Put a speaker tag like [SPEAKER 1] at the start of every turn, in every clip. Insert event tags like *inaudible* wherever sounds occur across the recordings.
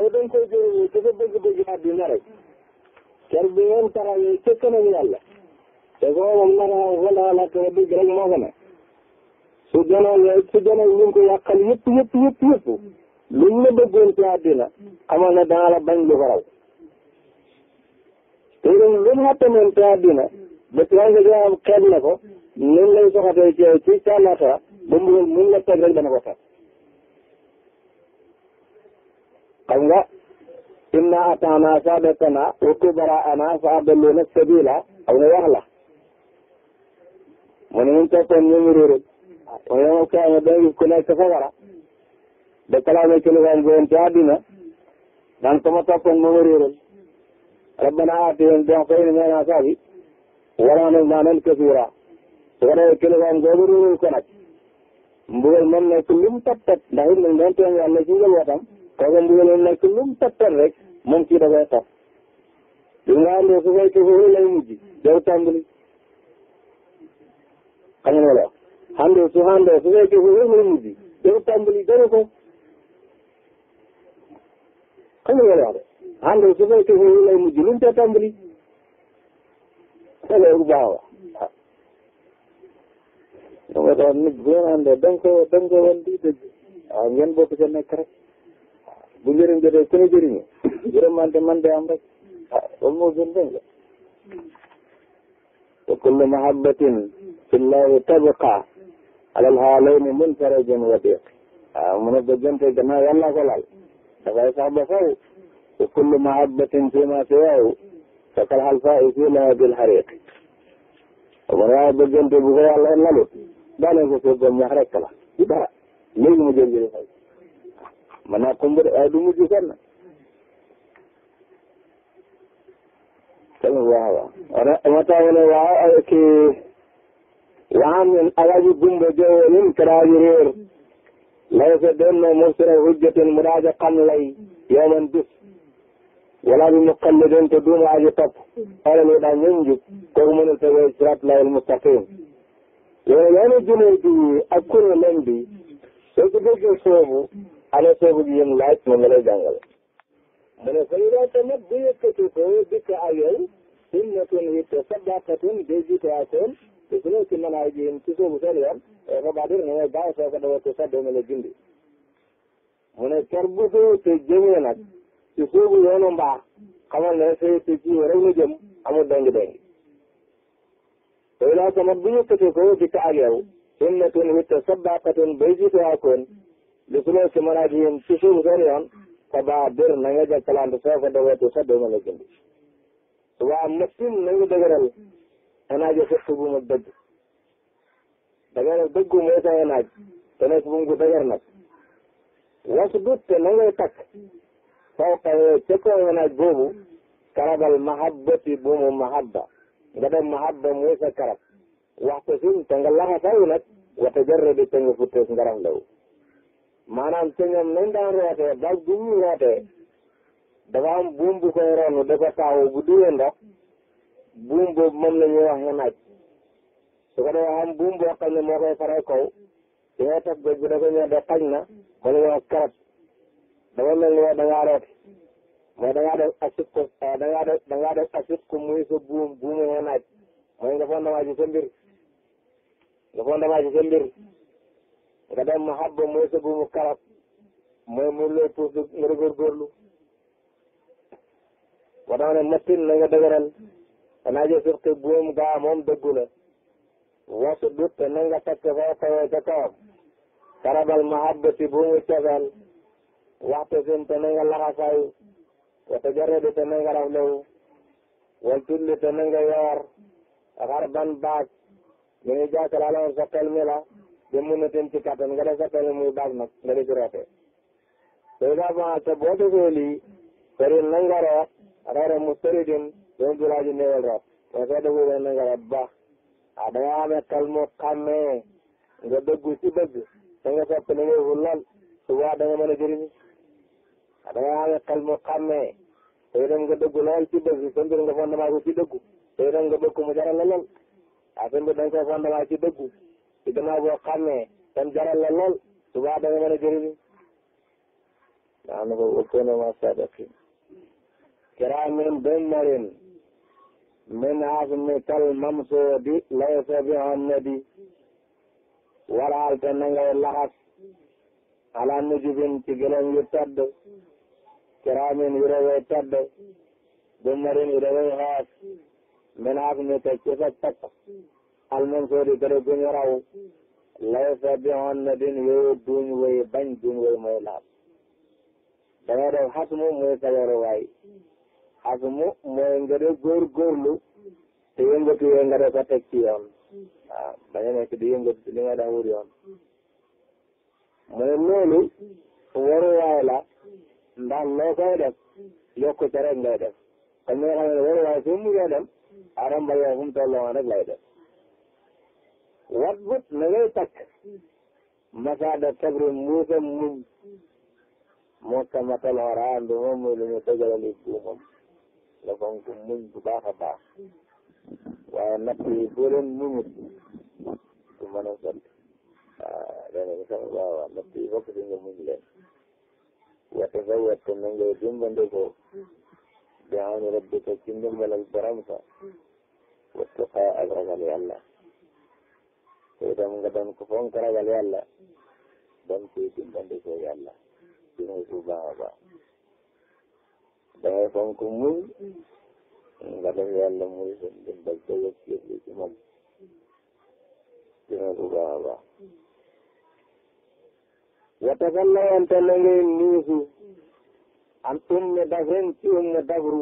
[SPEAKER 1] yow da nga koy jëriñoo ci sa bëgg-bëgg àddina rek ker bi ngeen tarawee ca kanam yàlla te booba moom nar a wala wala te dëgg rek moo ko ne su gënoon su gënoon ñu ngi ko yàqal yëpp yëpp yëpp yëpp luñ la bëggoon ci àddina xamal ne dana la bañ lu ko raw te itam lu mu xattamoon ci àddina ba ci wàllu gën a am xeeb na ko noonu lay soxatee ci ci càllata ba mu mun la teg rek dana ko tax. xam nga inna atana sadatana wa kubara'ana fa adalluna sabila xam nga wax la mu ne ñu toppoon ñoom réeréer mu ne moom kay ma danga gis ku nekk fa wara da kalaame ci lu gaan goon ci àddina daan ko ma toppoon moom réeréer rabbana aatihim di'fayni min al-'adhaabi wa la'inhum 'adhaaban kasiiraa waree ci lu gaan googu réeréer ko nag mbugal mën nekk lu mu tap tap ndax it nañ doon tooñ yàlla ci njabootam kooku mbugalam nekk lu mu rek moom kii da koy topp li nga xam ne su fekkee foofu lay mujj day tàmbali xam nga la xam nga su xam nga su fekkee foofu lay mujj day tàmbali ko xam nga la xam nga su fekkee mu ca tàmbali loolu baax la waaw. da nga ko da nga ko wan di dëgg waaw ngeen bokk ca nekk bu njëriñ jotee ku ne jëriñu yërmande man day am rek ah loolu moo gën dégg nga wa kullu mahabbatin alal haalayni munfarajun wadiq ah mu ne ba jënte gannaaw yàlla ko laal dafay ba faw wa kullu mahabbatin fi ma siwaahu fakal halfaa fi laha bil hariq mu ne waaye ba jënte bu ko yàlla lalut daanee ko foofu ba ñax rek la dara léegi mu jël jëriñ mën naa kumb de eh, waaye du mujj fenn tamit waaw waaw ma taxawale waaw ay kii waan alaaji gumba joowonin karaaji réer lay sa doon mu daaja xam lay yooman bis wala bi muqallidin te duuma aji topp xoola lu daa ñoom njub kooku mënul tegee sirat lay mustaqim yow yoonu junne bi ak kuréelam bi soo ko soobu ana soobu ji yéen laaj moom la lay jàngal mu ne fay daa tamit bu yëkkati ko dikk ak yow sunnatun witte sadaqatun day jiite akoon te su nekk mën a ji ci soobu seen yoon fa baadir ne bàyyi soo ko dawal ko sax doona la gindi mu ne ker bu soo te jëmee nag ci soobu yoonu mbaax xamal ne sa te ci rek na jëm amul deng-deng fay daa tamit bu yëkkati ko dikk ak yow sunnatun witte sadaqatun day jiite akoon gisuloo ci maraaj yi ci suuf seen yoon fa baa bir na soo ko dogootu sa doo mën a waa matin na nga dëgëral anaaj a fekk bu ma dëgg dëgëral dëggu mooy sa anaaj te nekk bu nag wasu dut te na ngay takk soo xawee ca kaw anaaj boobu karabal mahabbati bu mahabba nga dem mahabba mooy sa karab waxtu si te nga laxasayu nag wata jarra di te nga futtees nga raflawu maanaam ca ñoom nañ daan rootee bal bu ñu rootee dafa am buum bu koy ronu da ko taawu bu duree ndox buum boobu moom la ñuy wax naaj su ko defee am buum boo xam ne moo koy faral kaw di ngay toog ba bu da ko ñëw de xañ na ba ñu wax karat dafa mel ni da ngaa rooti mooy da ngaa def asut ko da ngaa def da ngaa def asut ko muy sa buum buumu naaj mooy nga fondamaaj sa mbir nga fondamaaj sa mbir nga dem mahabba mooy sa buumu karab mooy mu lay puus di nga góorgóorlu wa dama ne mattin na nga dëgëral danaa jël surtout buum gaa moom dëggu la wasu dut te na nga takk foo kawee ca kawam karabal mahabba si buumu cofeel waxtu sin te na nga laxasaayu wata jarredi te na nga raflewu wal tulli te na nga yoor xar ban baag mi ngi jàkkaarloo sa xel mi la ba mun a tënk ci nga def sa pelle muy baax nag nga di ci rootee. loolu daa nga xam boo defee root reere mu sori din doon du laaj néewal root waaye soo nga root baax ah a ngaa amee xel mu xàmmee nga dëggu ci bëgg da nga sopp li ngay lool su boobaa da nga mën a jëriñu ah da ngaa amee mu xàmmee te itam nga dëggu lool ci bëgg sa mbir nga fondement ko ci dëggu te itam nga bëgg mu jaral la lool ah, sa mbir da nga koy fondement ci dëggu. ci gannaaw boo xamee kon jaral la lool subaa da nga mën a jëriñu daa na ko wakkoona ma sadakin kiraamin bammarin min asmikal mamsuudi laysa bi hannadi walaal te na ngay laxas ala nujubin ci gëlëm yu tedd kiraamin yu rëwee tedd
[SPEAKER 2] bammarin yu rëwee
[SPEAKER 1] xaas min asmika ci sa takk almansoori gërë guñ raw lay sa bi on na din wéy duñ wéy bañ duñ wéy mooy laab danga def xasmu mooy sa waruwaay xasmu mooy nga def góorgóorlu te yëngatu yooyu nga def ko teg ci yoon waaw bañ a nekk di yëngatu li nga def wut yoon mooy loolu waruwaay la ndax loo koy def yokku ca rek ngay def kon ñoo xam ne waruwaay su mu mujjee dem adam ba fu mu tolloo rek lay def wat but na ngay takk masaada sabri mbuusam muñ moo kamatal horaan bi moom mooy lu ñu tëjalali buumam la fonk muñ bu baax a baax waaye natt yi boo leen muñut du mën a sant waaw dana ko sama waaw waaw natt yi fokk di nga muñ leen wette sa wette na ngay dimbandikoo bi awn rabbika ci te nga doon ko fonk ragal yàlla doon koy dimbandikoo yàlla ci muy bu baax a baax dangay fonk muñ nga def yàlla muy seen dimbal te yëg yëg li ci moom ci muy bu baax a baax watagal la wante na nuusu an umme dafren ci umme dafru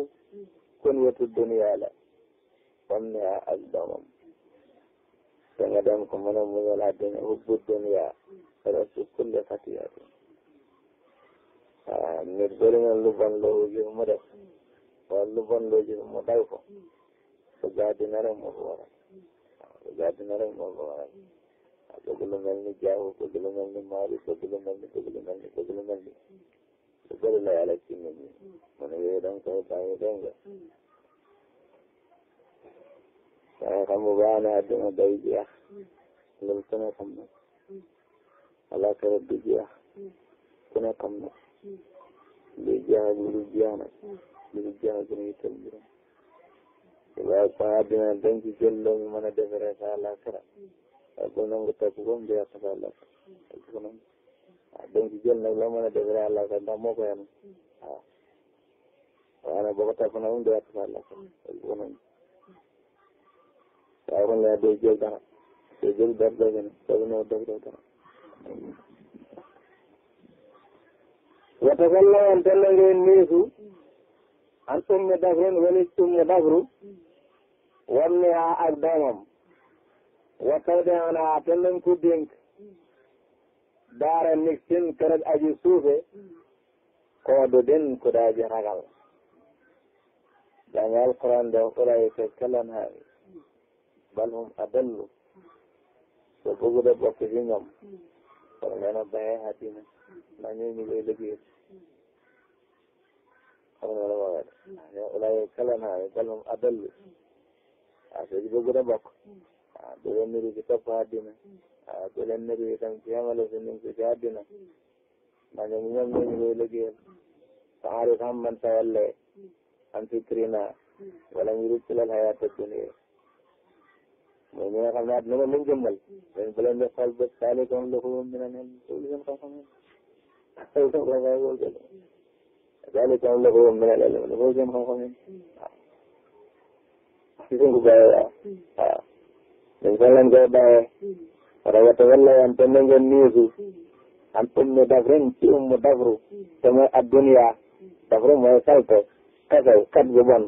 [SPEAKER 1] kon wetu duniya la comme ne ak doomam te nga doon ko mën a muñal àddina hubbu dunya rasu kulli xatiyatin waaw nit bëri na lu bon loo mu def wala lu bon loo gis mu dal ko su gaadina rek moo ko waral waaw su gaadina rek moo waral waaw bëgg ni jaaxu bëgg lu ni maali bëgg la yàlla ci nit ñi mu ne yooyu da nga koy bàyyi dégg nga waaye xam nga baax na àdduna day jeex loolu ku ne xam na alaakara du jeex ku ne xam na lu jeex ak lu jeex nag lu jeex ak lu itam juróom waaye kon àdduna dañ ci jël loo mën a defaree sa alaakara waaye bu nangu topp ko mu jeex sa alaakara waaw dañ ci jël nag loo mën a defaree alaakara ndax moo ko yem waaw waaye nag boo ko topp nag mu jeex sa alaakara waaye kon yaa day jël dara day jël dara doo ko ne doo ko ne doo ko dara. wata kalla wan te la ngeen niisu an ummi dafrin walis ummi ak doomam wataw de an ha te lañ ko dénk daara nik sin kërëg aji suufe koo du din ku daa ragal jàngal Quran de ulay ka kalan bal moom adallu soo bëgg da bokk ci ñoom war nga na bàyyi àddina ndax ñooy ñu koy liggéey xam nga la waxee ñoo ulaaye kala naa bal moom adallu waaw soo ci bëgg da bokk waaw bu leen niru ci topp àddina waaw bu leen niru itam ci yemale si nim si ci àddina ndax ñoom ñoom ñoo ñu koy liggéeyal saxaari xam man tawallee am fikrina wala ñu rucc lal xayaat dunia mooy ñi nga xam ne at mën a luñ jëmbal dañ ko leen di xool bët saali kon lu ko mi ne neen lu ngeen xam-xam saali kon lu ko mi ne leen lu ko ngeen xam-xam waaw si suñ ko bàyyee waaw waaw dañ ko leen koy bàyyee wala wata wala yan te na ngeen niisu am ummu dafrin ci ummu dafru te mooy adduniya dafru mooy salte kasaw kat gu bon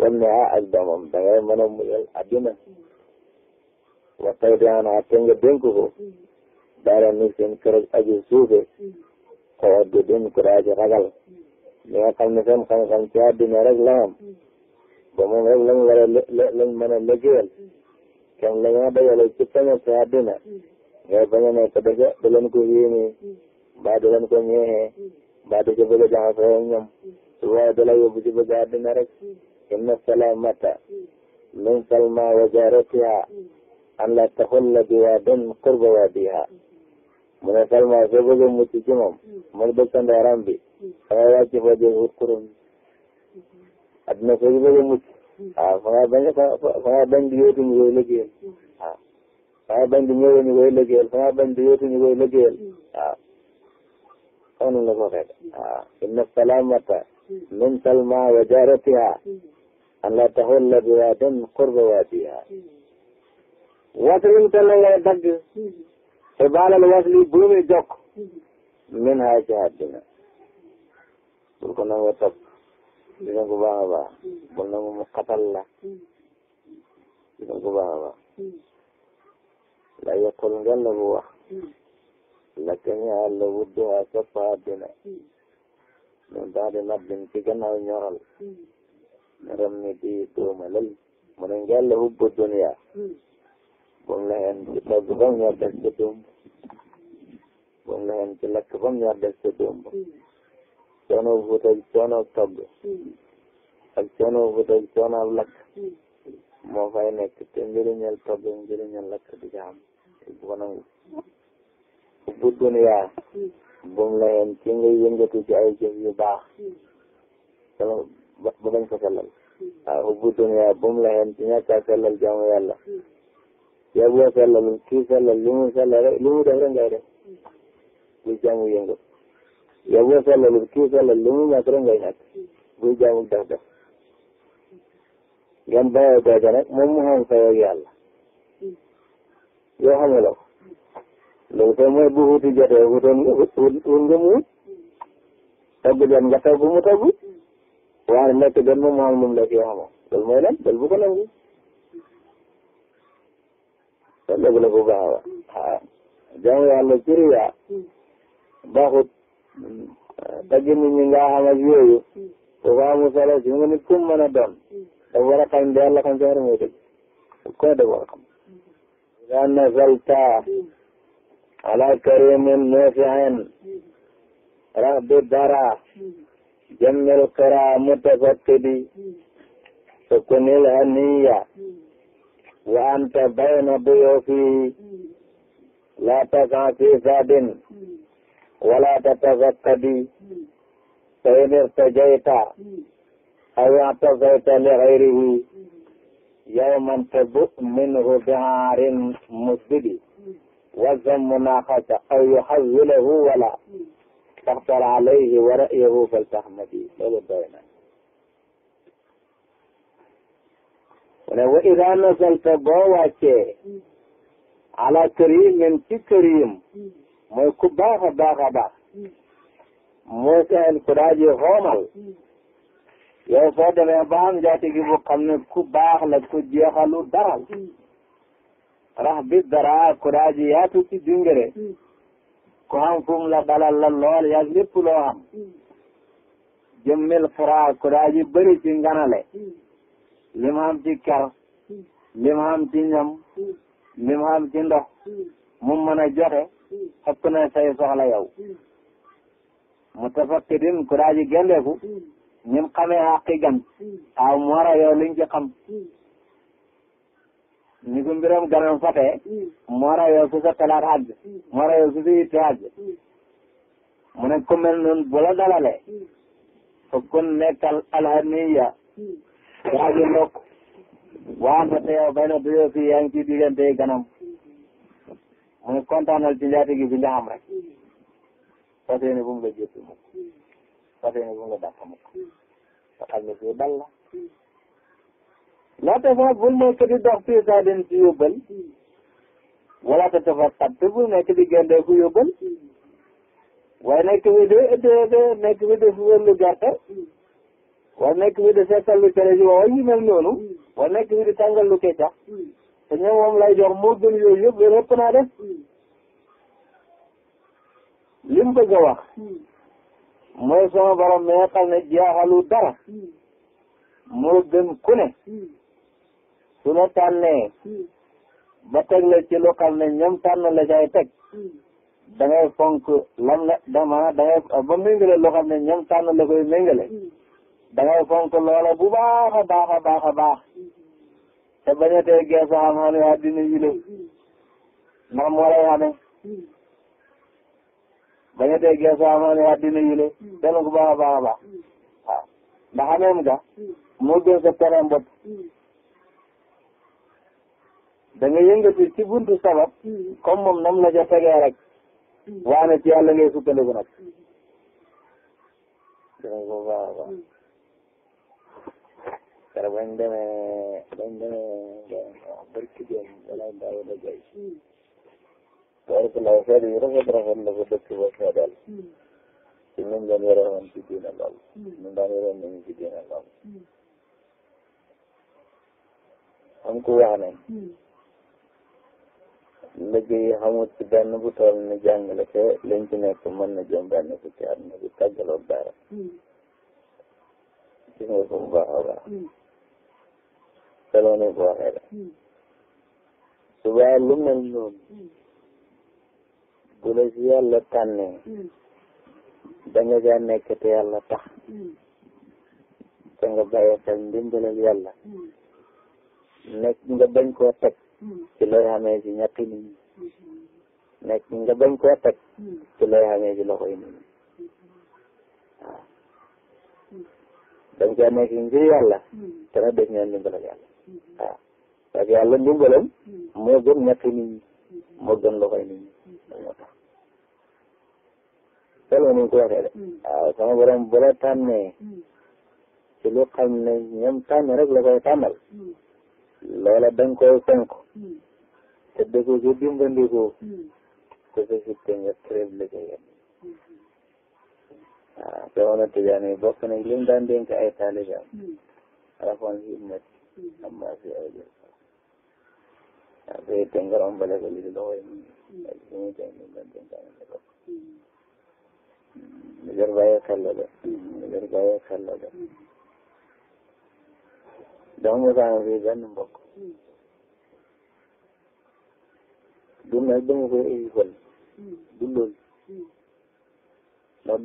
[SPEAKER 1] wan ne ah ak doomam da ngay mën a muyal adduna waxtay dianaa te nga dénk ko mm. daara ni seen kër aji suufe mm. koo di din ku daa ji ragal mm. ñi nga xam ne seen xam-xam ci àddina rek la am ba moom rek lañ war a lañ mën a liggéeyal kenn la nga dajale ci peñe ci àddina ngay bañ a nekk dafa da leen ko yéene mbaa da leen ko ñeexee mbaa da ca bëgg a jaxasoo ñoom su boobaa da la yóbbu ci bëgg àddina rek inna salamata min salma wajaratiha an la taxulla bi waadin qurba waadiha mu ne seulement soo bëggee mucc ci moom mooy dëkkandooram bi dangay wàcc fa jël wut kurum adduna soo ci bëggee mucc waaw ah, fa nga bañ fa nga bañ di yóotu ñu koy liggéeyal waaw ah, fa nga bañ di ñëwee ñu koy liggéeyal fa nga bañ di yóotu ñu koy liggéeyal waaw ah, kon la ko xeet waaw inna salamata min salma wa jaratiha an la taxulla bi waadin qurba waadiha waslin te na ngay dagg xibaalal wasli buumi jokk min haa ci àddina bul ko nangu topp dina ko baax a baax bul nangu mu xatal la dina ko baax a baax la yaqul ngeen la bu wax la kañaa la wudduha sopp àddina min baadi nabbin ci gannaaw ñoral mi ram ni di doomalal mu ne ngeen la dunia moom la xeen ci togg ba mu ñor def ca doom moom la xeen ci lakk ba mu ñor def ca doom coono wut ak coono togg ak coono wut ak coono lakk moo fay nekk te njëriñal togg njëriñal lakk di ca am yu baax ba bañ ko sellal waaw bu duniyaa bu mu la xeen ci ñàkk a sellal yàlla yow boo sellalul kii sellal lu mu sellal rek lu mu def rek ngay def buy jaamu yëngu yow boo sellalul kii sellal lu mu ñàkk rek ngay ñàkk buy jaamu def def ngeen bàyyi googa nag moom mu xam fayoo yàlla yoo xamuloo loolu te mooy bu wuti jotee wutoon nga wut wut nga mu wut togg jot nga togg mu togg waaye nekk jot moom mu xam lu mu def yoo xamoo loolu mooy lan loolu bu ko nangu dëgg la bu baax a baax jaamu yàlla ci riyaa baaxut tagg nit ñi nga xam ak yooyu ko amul solo ci nga nit ku mën a doon dafa war a xam de yàlla xam ci war a mooy dëgg ku ne dafa war a xam daa nasalta ala karimin nafiin rax bi dara jammil qira mutafaqidi sukunil wa anta bayna duyuufi laa takan fi sadin wala tatazakadi fa in irtajayta aw irtajayta li gayrihi yawman tabu minhu bi'aarin musbidi والذم ناقص أو يحوله ولا تخطر عليه ورأيه فلتحمدي loolu doy na mu ne wa ida nazalta boo wàccee ala karimin ci karim mooy ku baax a baax a baax ku daaji xoomal yow soo demee ba am jaati gi bu ne ku baax la ku jeexalu daral rax bi dara ku daaji yaatu ci dingere ku xam kum la dalal la lool yaag lépp loo xam jëmmil fara ku daaji bëri ci nganale li ma am ci kar li ma ci ñam li ma ci ndox mu mën a
[SPEAKER 2] joxe
[SPEAKER 1] na say soxla yow mutafakkidin ku daa ji gëndeeku ñim xamee àqi gan aw mu war a yow liñ ci xam ni ko mbiram mu war a yow su sa mu war a yow su sa yitte àgg mu ne ku mel noonu bu la dalalee fokkun nekkal waa ji ndokk nga te yow bay na duyoo fii yaa ngi ci diggante ganam mu ngi kontaanal ci njaati gi bi nga xam rek fas yéene bu mu la jéppi mukk fas yéene bu mu la dàq mukk sa xel mi fii dal la laa te fa bul nekk di dox fii saa den ci yóbbal wala te dafa tat te bul nekk di gendee ku yóbbal waaye nekk bi de de de nekk bi de fu wér lu gerte war nekk bi di seetal lu tere ji waaw yu mel noonu war nekk di tàngal lu keccax te ñoom moom lay jox moo gën yooyu yëpp loolu ëpp naa def li mu bëgg a wax mooy sama mi nga xam ne jaaxalu dara moo gën ku ne su la tànnee ba teg ci lu xam ne ñam ñoom tànn la cay teg da ngay fonk lam la da maanaam da ba méngale loo xam ne ñam tànn la koy méngale da ngay fonk loola bu baax a baax a baax a baax te bañ a tee geesu xam-xam yi àddina yi la ndax moo lay xamee bañ a tee geesu xam-xam yi àddina yi la dana ko baax a baax a baax waaw ndax xameem nga moo sa terrain bopp da nga yëngatu ci buntu sabab comme moom nam la ca tegee rek waane ci yàlla ngay sukkandiku keroog bañ demee bañ demee barki démb balaa daaw da jay mm. tabarakallah seede yu rafet rafet la ko dëkk ba seedal ci ñun daan yore woon ci diine lool ñun daan yore woon ci diine lool am ku wax ne liggéey xamut ci benn bu toll ni jàngale te lañ ci nekk mën na jëm benn fukki at na bu tàggaloo dara ci mm. nga ko bu baax a baax tegtaloo ne boo xee su bàyyi lu mel noonu hmm. bu la si yàlla tànnee hmm. da nga jaa nekk te yàlla tax hmm. te nga bàyyi xel ndimbalal yàlla nekk nga bañ koo teg ci looy xamee ci ñetti nit ñi nekk nga bañ koo teg ci looy xamee ci loxoy nit nga jaa nekk te nag dëgg ñoon parce que yàlla ndimbalam moo gën ñàkk nit ñi moo gën loxoy nit ni ko waxee de hmm. waaw sama borom bu la tànnee hmm. ci lu xam ne ñoom tànn rek la koy tànnal hmm. loola da koy fonk te dëkk ci dimbandikoo te sa sitte nga tréb la ca yem waaw jamono tijaan yi bokk nañ lim daan dénk ay taalibaam rafoon si métti amma fi ay jël ah te te nga rombale ko li loxo yi ak li muy tey ñu mën leen tànnale ko. lu jar bàyyi xel la de. lu jar bàyyi xel la de. dama mos a am fii benn mbokk. du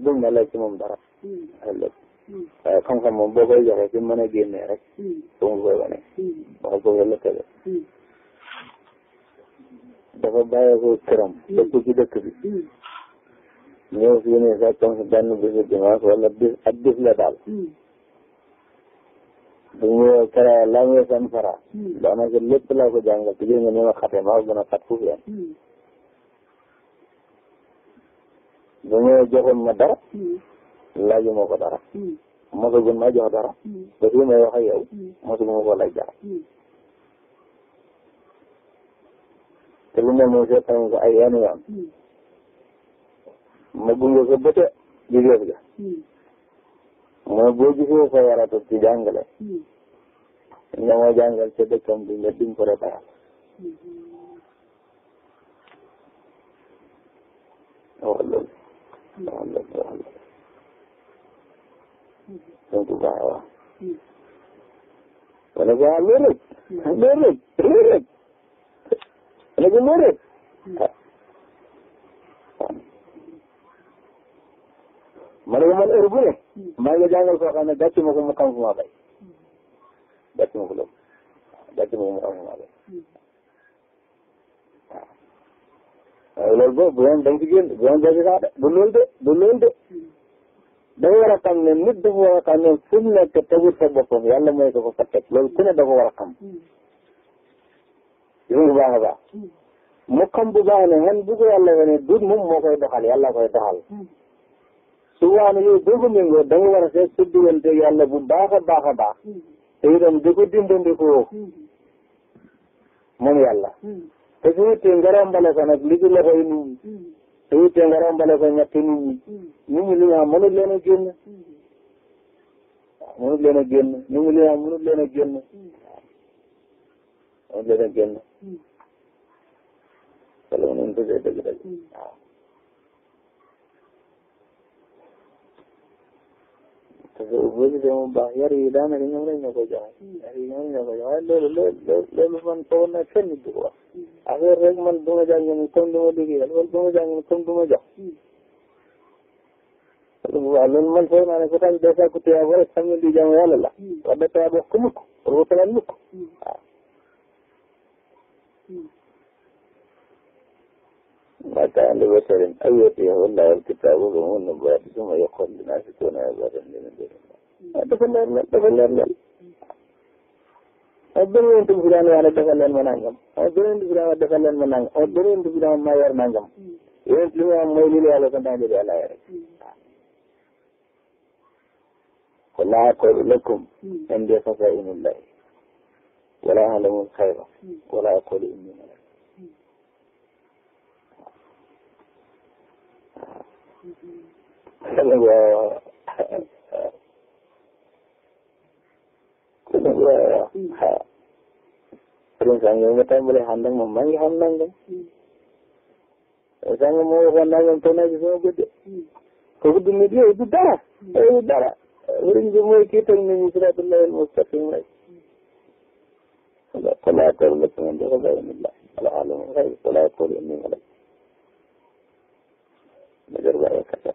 [SPEAKER 1] mel moom dara. ëllëg. Hmm. waaye xam-xam moom boo koy joxe ci mën a génnee rek ba hmm. mu koy wane hmm. wax boobu lëkkale dafa bàyyi ko këram dëkk ci dëkk bi ñëw fii wala bis ak bis la kara laa muy seen fara daanaka lépp laa ko jàngal te ngeen ni ma xate maa gën a xat foofu yéen bu ñu joxoon laajuma ko dara hmm. mosagul ma jox dara te hmm. fii may wax ak yow hmm. mosaguma ko laaj dara te lu mel noonu ay yenn yoon ma gunge ko bëte jigéen ga mooy boo gisee sa yaratu ci jàngale nga ma jàngal ca dëkkam bi nga dim ko réparal wax loolu wax loolu wax loolu donc bu baax a wax wala bu baax loolu rek loolu rek loolu rek wala bu loolu rek ma ne ko man heure bu ne maa ngi jàngal koo xam ne gàcce ma ko mu xam fu ma bay gàcce ma ko loolu gàcce ma ko mu xam fu ma bay waaw loolu boobu bu doon da nga ci génn bu doon da nga ci sax de bu loolu de bu loolu de dafa war a xam ne nit dafa war a xam ne fu mu nekk tegut fa boppam yàlla mooy ko fa teg loolu ku ne dafa war a xam. gis hmm. nga bu baax hmm. mu xam bu ne man bu ko yàlla wane duut moom moo koy doxal yàlla koy doxal. Hmm. su waane yow boo ko méngoo da nga war a seet sa diggante yàlla bu baax a baax a baax. te itam di ko nga rombale ko nag li su wutee nga rombale ko ñetti nit ñi li hmm. ñu am mënut leen a génn waaw hmm. mënut leen a génn nit li ñu am mënut leen a génn hmm. mënut leen a génn loolu moom dëgg parce que boo gisee moom baax yar yi daanaka ñoom lañ ñu ko joxe yar yi ñoom lañ ñu ko joxe waaye loolu loolu loolu man foofu nag kenn du ko wax affaire rek man du ma jàng comme du ma liggéeyal wala du ma jàng comme du ma jox waaw loolu man foog naa ne ku tax day sàkku tuyaaba rek xam ne lii jaamu yàlla la wax da tuyaaba wax ko mukk wala ko talal mukk waaw maka li basarin aw yutiyahu llahu alkitaabu ba mu nubuwaati su ma yokkoon dinaa si tuuna abaadan li min duni llah dafa leer leen dafa leer leen a benn yonent bi daan wax ne dafa leen ma nangam a benn yonent bi daan wax dafa leen ma nangam a benn yonent bi daan ma yor nangam yéen li ma am mooy li la yàlla santaan li la yàlla rek qul laa aqulu lakum indi hmm. xazaa'inu llaahi wa laa a'lamu l-ghayba hmm. wa laa aqulu innii malaak waaw. waaw. Sëriñ Sang nga tàmbalee xam nag moom maa ngi xam nangam. Sëriñ Sang moo waxoon nangam te naa ci sama bët de. kooku du nit yooyu du dara. yooyu du dara. sëriñ bi mooy kii teg nañu siraatal mustaqim rek. ولا يقول لك من دون الله ولا أعلم الغيب ولا يقول إني ملك major baro kata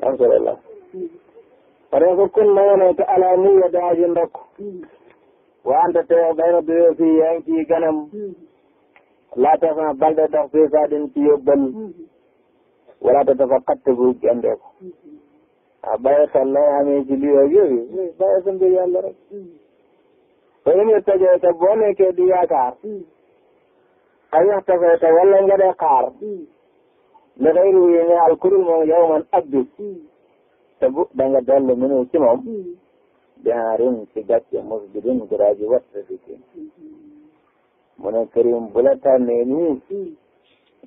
[SPEAKER 1] am solo la pare ko kun mayono te ala niya daaji ndokk wante te bay na duyoo fii yaa ngi ciy ganam laata sama balde dox fii saa din ci yóbbal wala te dafa xatt bu jëndee ko ah bàyyi xel lay amee ci lii ak yooyu bàyyi sa mbir yàlla rek. ba ñu ngi ay waxta fay te wala nga dee xaar. li koy ruuj yi nga al kuréel moom yow man abdi. te bu da nga dellu mu ñëw ci moom. biharin ci gàcce mos bi duñ ko raaj wat di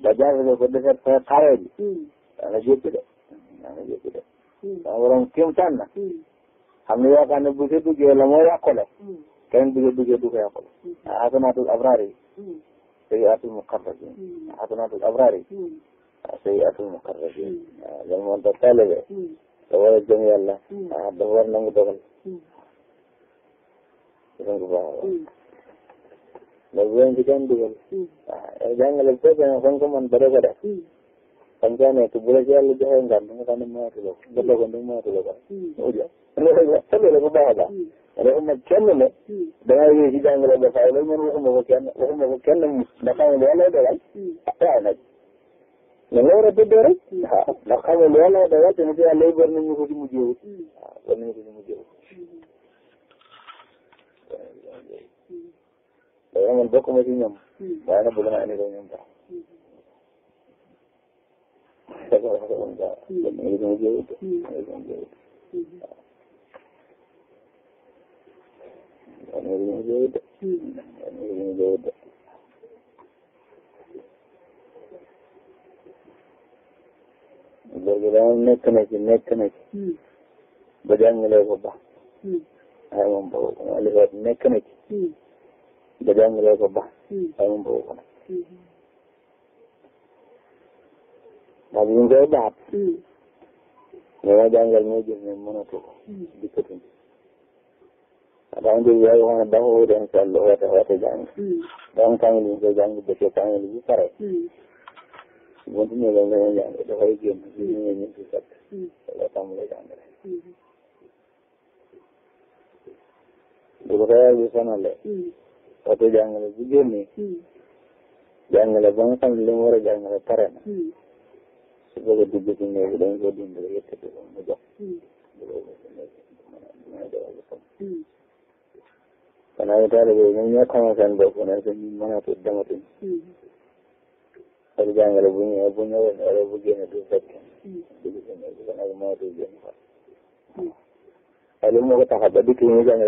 [SPEAKER 1] ba jaarale ko defar sa xare ji. da nga jéppi de sama borom kéemtaan na xam hmm. ne yaakaar ne bu ca duggee la moo yàqule hmm. kenn bu ca duggee du ko yàqule xasanaatul hmm. abraar yi sayyiaatul muqarrabiin xasanaatul abraar yi ah, sayyiaatul muqarrabiin waaw ah, loolu moo tax taalibe da war a jëm yàlla ah dafa war nangu dogal a baax loolu bu leen ci comme que nekk bu la ci yàlla joxee ngan da nga xam ne moyatuloo ko nga dogoon da nga moyatuloo ko uja loolu la bu baax a baax waxuma kenn ne damay wéy ci jàngale ba fay loolu man waxuma ko kenn waxuma ko kenn mus ndax xam nga lay dogal waaw nag da nga war a dëddoo rek waaw ndax xam nga lay dogal te nit yàlla yi war nañu ko ci mujjee wut
[SPEAKER 2] waaw war nañu ko ci mujjee wut
[SPEAKER 1] da nga man bokkuma ci ñoom waaye nag bu la ma andi ñoom tax dafa wax dëgg yàlla. kon mu ngi doon jëwut. mu ngi doon jëwut. waaw. mu ngi doon jëwut. mu ngi doon jëwut. góor gi daal nekk na ci nekk na ci. Hmm. ba jàngalee ko ba. waaye moom boobu ko nekk na ci. ba jàngalee ko ba. waaye hmm. moom boobu ko nag. Hmm. ndax bu ñu koy daat ma jàngal ñoo gis ko dikkatuñ daa ngi jóg yooyu moom dafa wut dem seetlu woote woote bi ñu bi pare buntu ñu la ngeen jàng dafay génn ñu ñëw ñu ci set la tàmbali jàngale bu ko reer bi sonale woote jàngale bu génnee jàngale ba nga xam ne li pare na bëgg a dugg si néew bi dañ ko dimbali ko mu jox hmm. kon ay taalibe yi ñoom ñoo xamal seen bopp ne suñu mënatul dematuñ hmm. ak jàngale bu ñëwee bu ñëwoon wala bu génne du fekk hmm. dugg si néew bi ko tax a ba dikk yi ñu tax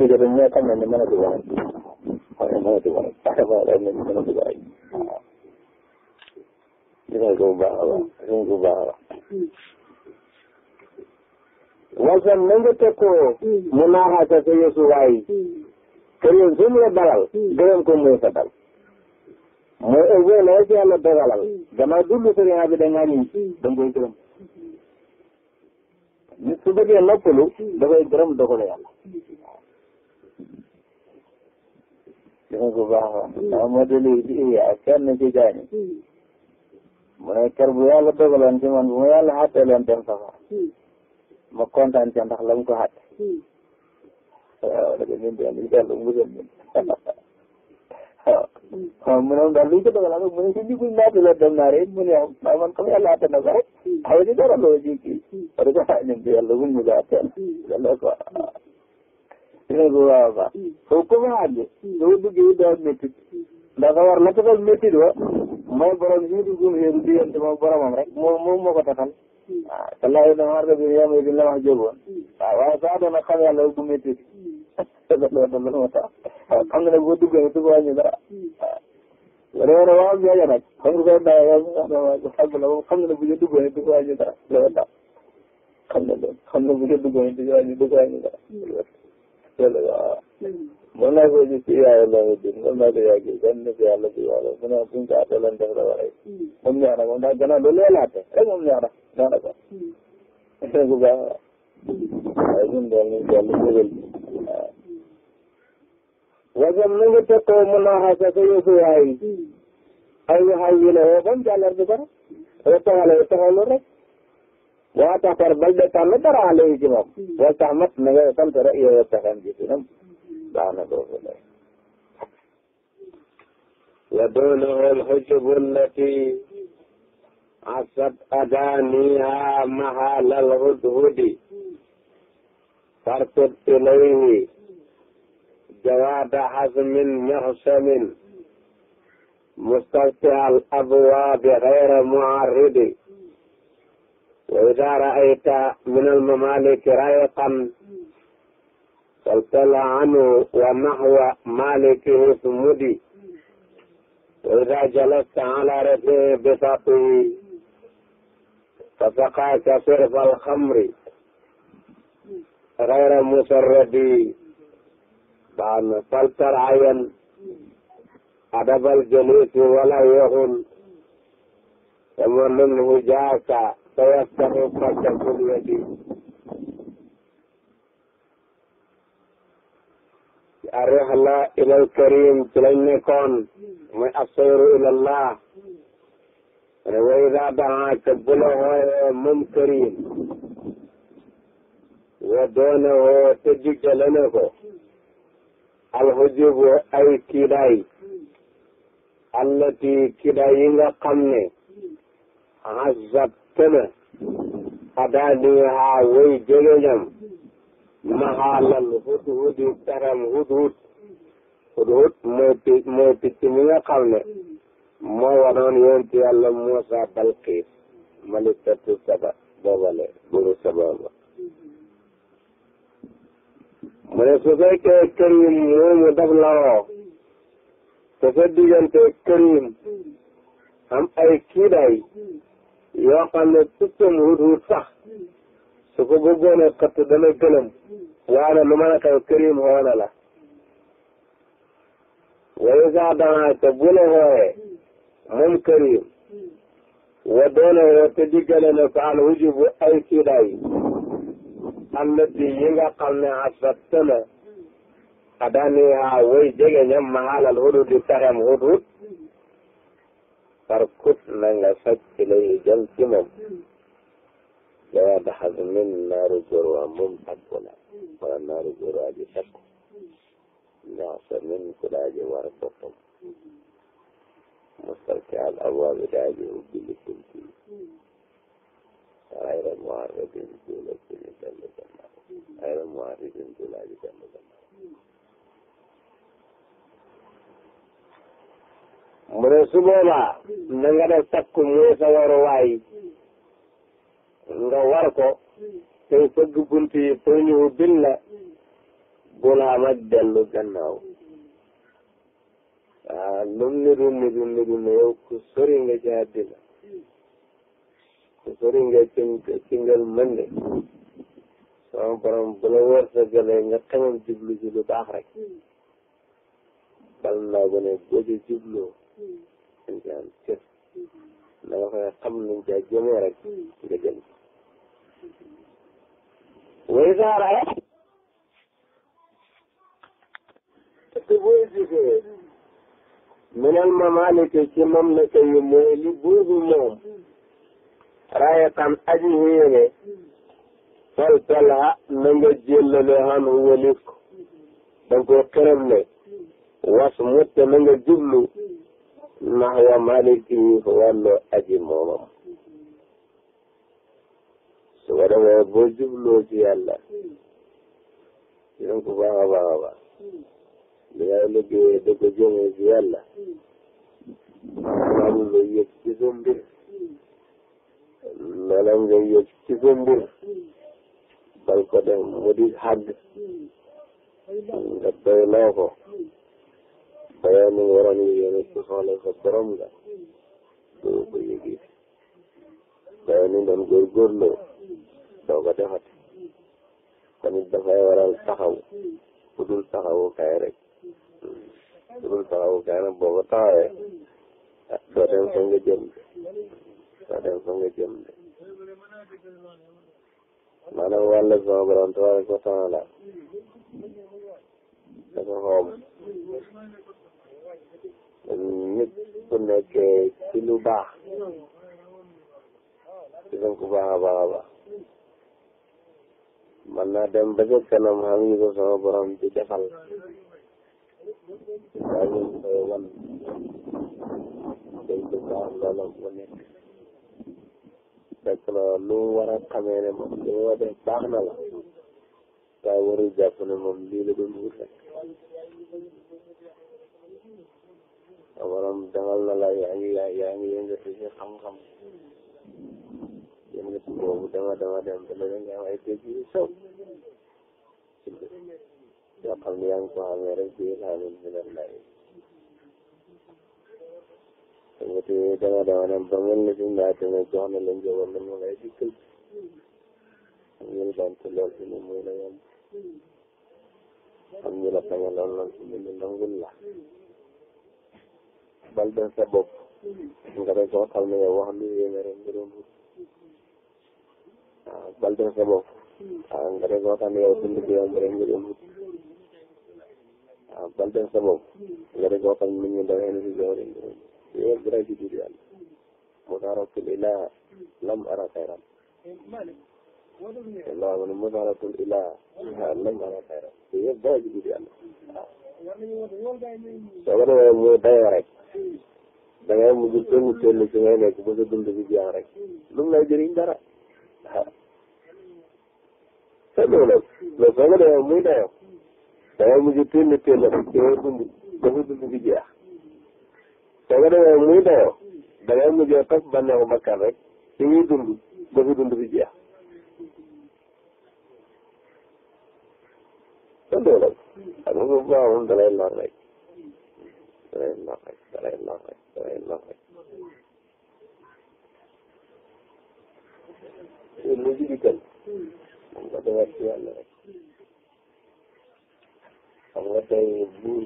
[SPEAKER 1] di jot ñoo xam ne mënatul woon mënatul woon mënatul woon mënatul gisal ko bu baax a baax gisal ko bu baax a baax. wasan na nga teg ko mu naaxaata sa yësuwaay kër yi mu la dalal gërëm ko muy sa dal mooy ëllëg la ci yàlla dogalal dama dund sëriñ bi da ngaa nii da nga koy gërëm nit su bëggee noppalu da koy gërëm dogalu ko bu baax a baax ndax moo tax léegi mu ne kër bu yàlla dogaloon ci man bu ma yàlla xàttee loon dem safara hmm. ma kontaan ca ndax la mu ko xàtte hmm. waaw da nga ñun daal di dellu mu gën hmm. mu ne moom daal lu mu ne si ñu buñ naati loon dem mu ne ah man na ko rek xaw ci dara loo ji kii parce que ñun bi yàlla buñ ñu ko xàtteel loolu ko dina ko waaw baax foofu comme xàgg soo duggee daa métti ndax war la ko dal wa mooy borom jiitu góob yooyu diggante moom boromam rek moom moom moo ko taxal. waaw te laaj dama war a déglu yàlla bi la wax jógoon. waaw waaye saa doon xam yàlla bu métti. loolu loolu moo tax xam nga nag boo duggee du ko wàññi dara. waaw loolu nag waaw jooja nag comme ni koy daaw yow mi nga xam ne waa xam nga xam nga ne bu ñu duggee du ko wàññi dara loolu tax xam nga loolu xam nga bu ñu duggee du ko wàññi du ko wàññi dara loolu waaw. mën naa ko gis ci yaay la ma dégg mën naa ko yaa gis benn nit yàlla ci wàll mu ne buñ ko àtte lan def la war a moom ñaar na moom ndax gannaaw loolu la àtte rek moom ñaar na ñaar na ko bu baax waaye ñun daal ñu jàll jégal waaw wajam mu ngi tekkoo mu naaxa sa ko yóbbu waay ay waxaay yi la woo ba mu jàllar bi bara dafa taxalee taxalu rek waa taxar bal de tànn dara alee ci moom wal tax mat na nga sant rek yow taxan ji baax na boobu lay wa doonuhu alxujubu allati asat adaaniha mahalal hudhudi fartut ilayhi jawaada hasmin muhsamin مستفتح الأبواب غير معرض وإذا رأيت من الممالك رايقا والسل عنه ونحو مالك اسمدي وإذا جلست على رفع بساطه فسقاك صرف الخمر غير مسرد بان فلترعين أدب الجلوس ولا يهن ومن منه جاك فيستحق كل يدي arrihala ilal karim ci lañ nekkoon mooy asayru ilallah ne wa ida daa ca bu la wooyee moom karim wa doone woo te diggale ne ko alxujubu ay kiidaay allati kiidaay yi nga xam ne azab tëna xadaani ha way jegeñam maxaalal hudhud peram hudhud hudhud moo picc moo picc mi nga xam ne moo waroon yonent yàlla Muusaa Balqiis malikatu Saba boobale buuru Saba ba mu ne su fekkee Karim moomu daf la woo te sa diggante Karim am ay kiiday yoo xam ne piccam hudhud sax su ko bëggoon a xëtt dana gëlëm waana lu mën a xew kërim xoona la wayu sax dana te bu la xooyee moom kërim wa doona woo te diggale na ko al wujubu ay kiidaay allati yi nga xam ne asat tëna adaniha way jege ñam mahalal hudud di taxem hudud par kut na nga socc lay jëm ci moom لا يدخل من نار جروا ممتقنا ولا نار جروا بشك نعس من كلاج ورقكم مستركع الأبواب داج وبل كنتي غير معرض دون كل دم غير معرض دون دم دم mu ne su boobaa na nga def takku muy sa waruwaay nga war ko te fëgg bunt yi pour ñu ubbil la bul am ak dellu gannaaw waaw ah, lum niru niru niru ne yow ku sori nga ci àddina ku sori nga ci ci ngal mënde sama borom bu la wërsëgalee nga xamam jublu ci lu baax rek bal naa ko ne boo ci jubloo dañ ci am cër da nga koy xam luñ caa jëmee rek nga jël way saara te booy jugee minal mamaliki ci mamlaka yi mooy li buubu moom rayatan aji hiire fal fal ha na nga jëllale han walif ko da nga koy xërëble was mutte na nga jublu nax wa maliki yi wàllu aji moomam su ko defee boo jubloo ci yàlla ñu ko baax a baax a baax li ngay liggéeyee da ko jëmee ci yàlla loolu nga yëg ci sa mbir loola nga yëg ci sa mbir bal mu di nga doyloo ko ba yow mi waroon yéene ci soxla nga doo ko doo ko defati tamit dafay waral taxaw bu dul taxawu kaay rek bu dul taxawu kaay nag boo ko taxawee ah, doo dem fa nga jëm doo dem fa nga jëm de maanaam wàllu sama borom tabaraka wa taala dafa xoom nit ku nekkee ci lu baax ci ko baax a baax a baax man naa dem ba ca kanam xam ñu ko sama borom di defal waaye ñu koy wan dañ ko baax loola mu nekk fekk na lu war a xamee ne moom li ma def baax na la waaye warul jàpp ne moom lii la doon wut rek borom defal na la yaa ngi yaa ngi yëngatu ci xam-xam yéen su boobu dama dama dem ba léegi nga am ay dégg yu sew yoo xam ne yaa ngi ko xamee rek ci xaalis bi lan laay te dama dama dem ba mel ni fi mu laaj tamit jox na leen jox na mu lay dikkal am ñu la bant lool fi mu muy la yomb
[SPEAKER 2] am ñu la bañ a lool
[SPEAKER 1] lool fi mu nangul la bal sa bopp nga rek wax xam ne yow wax lu yéeme rek nga doon wut waaw bal def sa bopp waaw nga def loo xam ne yow suñu liggéeyam rek nga dem wut waaw bal def sa bopp nga def loo xam ne ñu doon xëy na si joor yi yow dara ci biir mu tax rabbul lam ara xayran waaw man mu tax rabbul ilaa lam ara xayran rek da ngay dara. waaw te loolu la soo ko defee muy dayoo dayoo mujj teel a teel a dayoo dund dafa dund bi jeex soo ko defee muy dayoo da ngay mujj a tas bànneexu bakkan rek li muy dund dafa dund bi jeex te loolu la xam nga bu baax moom da lay lor rek da lay lor rek da lay lor rek da lay lor rek. mujj dikkal moom nga defar ci yàlla rek xam nga tey buur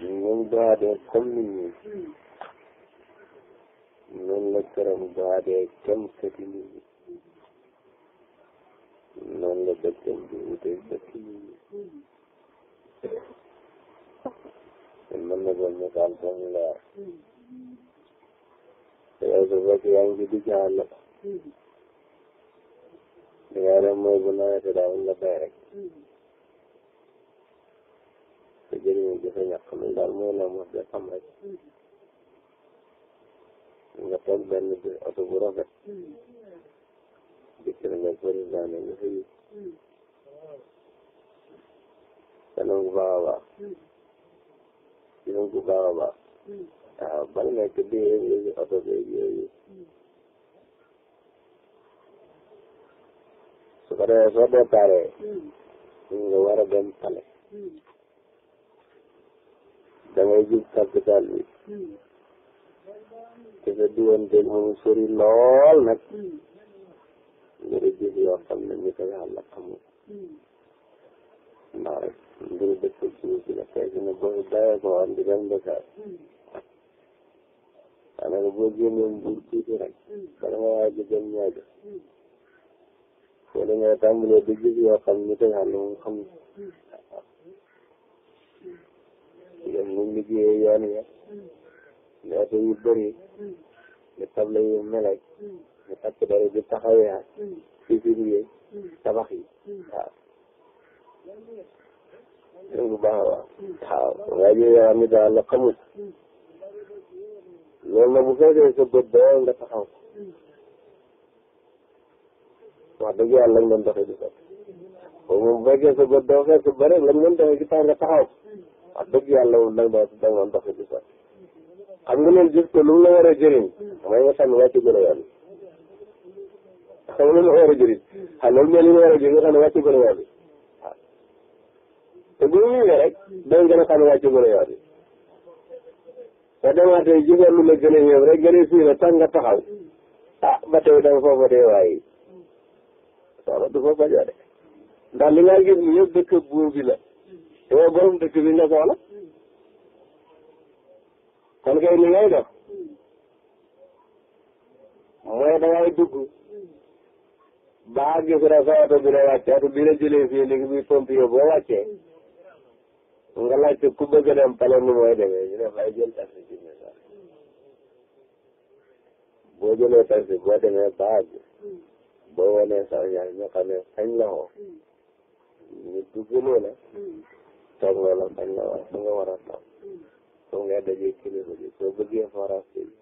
[SPEAKER 1] bi moom baadee comme nit ñi noonu la këram baadee kem këti nit ñi noonu la dëkkam bi wutee këti nit ñi mën na ko misaal ba mu leer yow su fekkee yaa ngi digg àll ba li nga dem mooy bu nawet daawul la bay rek te jëriñu ji sa ñàkk loolu daal mooy la nga toog benn bi oto bu rafet dikk nga président ne nga fay kanam bu baax a baax kanam waaw bal nekk di yëngu oto beeg yooyu su ko defee soo déparé nga dangay jub capital bi te sa diggante moom sori lool nag nga di gis yoo xam ne ñu koy yàlla amul ndax rek ngir dëkk ci ci la ko woon di dem daanaka boo génnee mbuur tuuti rek hmm. bala nga waaj a dem ñaaja hmm. foo demee tàmbalee di gis yoo xam ne te yàlla moom xam yéen hmm. ñu liggéeyee yoon ya ñaata yu bëri ñu table yu melek ñu takk dara di taxawee ak fii ci biir tabax yi waaw dégg nga baax a baax waaw waaye ñu yoo xam ne daal la xamul loolu nag bu fekkee sa bët doyal nga taxaw wax dëgg yàlla lañ doon doxee di fekk kon moom bu fekkee sa bët doo fekk ba rek lañ doon doxee di fekk nga taxaw wax dëgg yàlla moom lañ doon da nga doon doxee di fekk xam nga loolu gis ko lu mu la war a jëriñ mooy nga xam ne wàcc gën a yoon xam nga lu mu la war a jëriñ xam ah, loolu mooy li mu war a jëriñ nga xam ne wàcc gën a yoon waaw ah. te bu mu ñëwee rek doo gën a xam ne wàcc gën a yoon soo demaatee jubal lu la gën a yéem rek gën a sii la tax nga taxaw ah ba tey danga dee waaye soxla du fa bañ a de ndax li nga gis ni yëpp dëkk buur bi la yow borom dëkk kon kay li ngay def mooy dangay dugg ba gis rek sa oto bi la wàcce oto bi la jëlee fii léegi bi pompier nga laajte ku bëgg a dem pale nu mooy demee ñu ne fay jël taxi ci message boo jëlee taxi boo demee ba àgg boo wanee sax yaay ñu xam la woo ñu dugg la wax nga war a toog fu nga dajee kilifa bi soo bëggee forage bi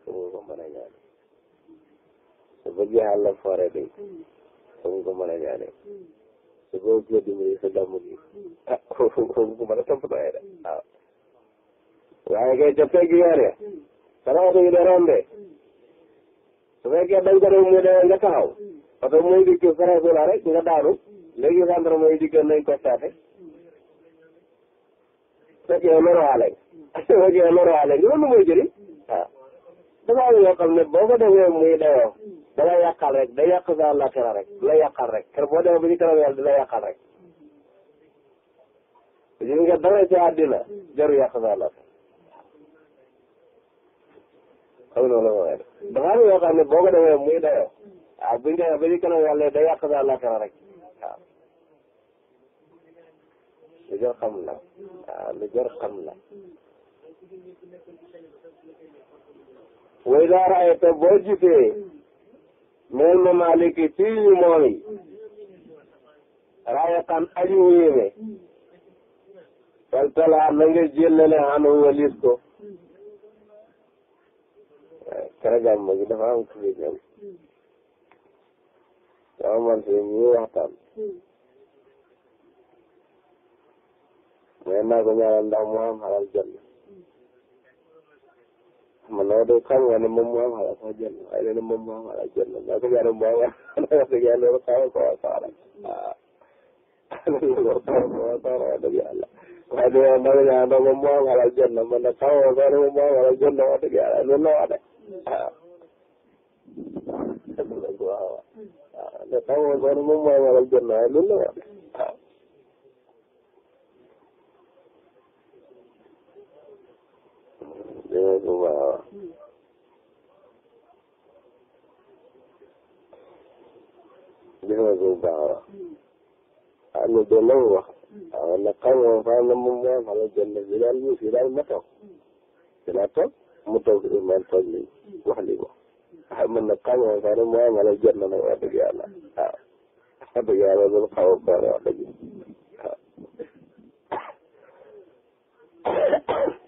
[SPEAKER 1] fu nga ko mën a ñaane soo bëggee àll forêt bi fu nga ko mën a su ko kii dimbali si dàmm gi ah foofu foofu ku mën a toppatoo yee de waaw. waaye kay ca pegg weer ya dara oto yi da rombe su fekkee dañ ko doon muy demee nga taxaw oto muy dikk fereeku la rek nga daanu léegi sandar mooy dikk nañ ko saate fekkee loruwaale fekkee loruwaale loolu mooy tubaab yoo xam ne boo ko defee muy dayoo da lay yàqal rek day yàq sa àllaaxira rek du la yàqal rek kër boo demee ba ci kanam yàlla du la yàqal rek gis nga dara ci àddina jaru yàq sa àllaaxira xam nga loolu mooy dafa am yoo xam ne boo ko defee muy dayoo waaw bu ñu demee ba ci kanam yàlla day yàq sa àllaaxira rek waaw lu jar xam la waaw lu jar xam la way daa raaya te boo gisee mel na maaliki ci ñu moom yi raaya tan aju yéeme fal talaa na nga jëllale xanu walis ko karagam ma gi dafa am kii ñam sama man si ñu waxtaan mais naa ko ñaanal ndax mu am xalal man naa doon xam nga ne moom moo am xalaat sax jënd waaye nee na moom moo am xalaat jënd naa ko ñaanal moo am xalaat wax dëgg yàlla loolu xaaral ko waa sax rek waaw loolu xaaral ko waa sax rek wax dëgg yàlla waaye nee naa ko ñaanal moom moo am xalaat jënd man nag xaaral ko sax ne moom moo am xalaat jënd wax dëgg yàlla loolu la wax de waaw. waaw waaw ne xaaral ko sax ne moom moo am xalaat jënd waaye loolu la wax de. jëmee bu baax jëmee bu baax ah ñu doon la mu wax ah nag xam nga faa na mu mu wax la jënd bi daal ñu si daal ma toog dinaa toog mu toog si man toog li wax li ko ah man nag xam nga faa na mu wax la jënd nag wax dëgg yàlla waaw ah, wax dëgg yàlla loolu xaw a baax wax dëgg waaw ah. *coughs*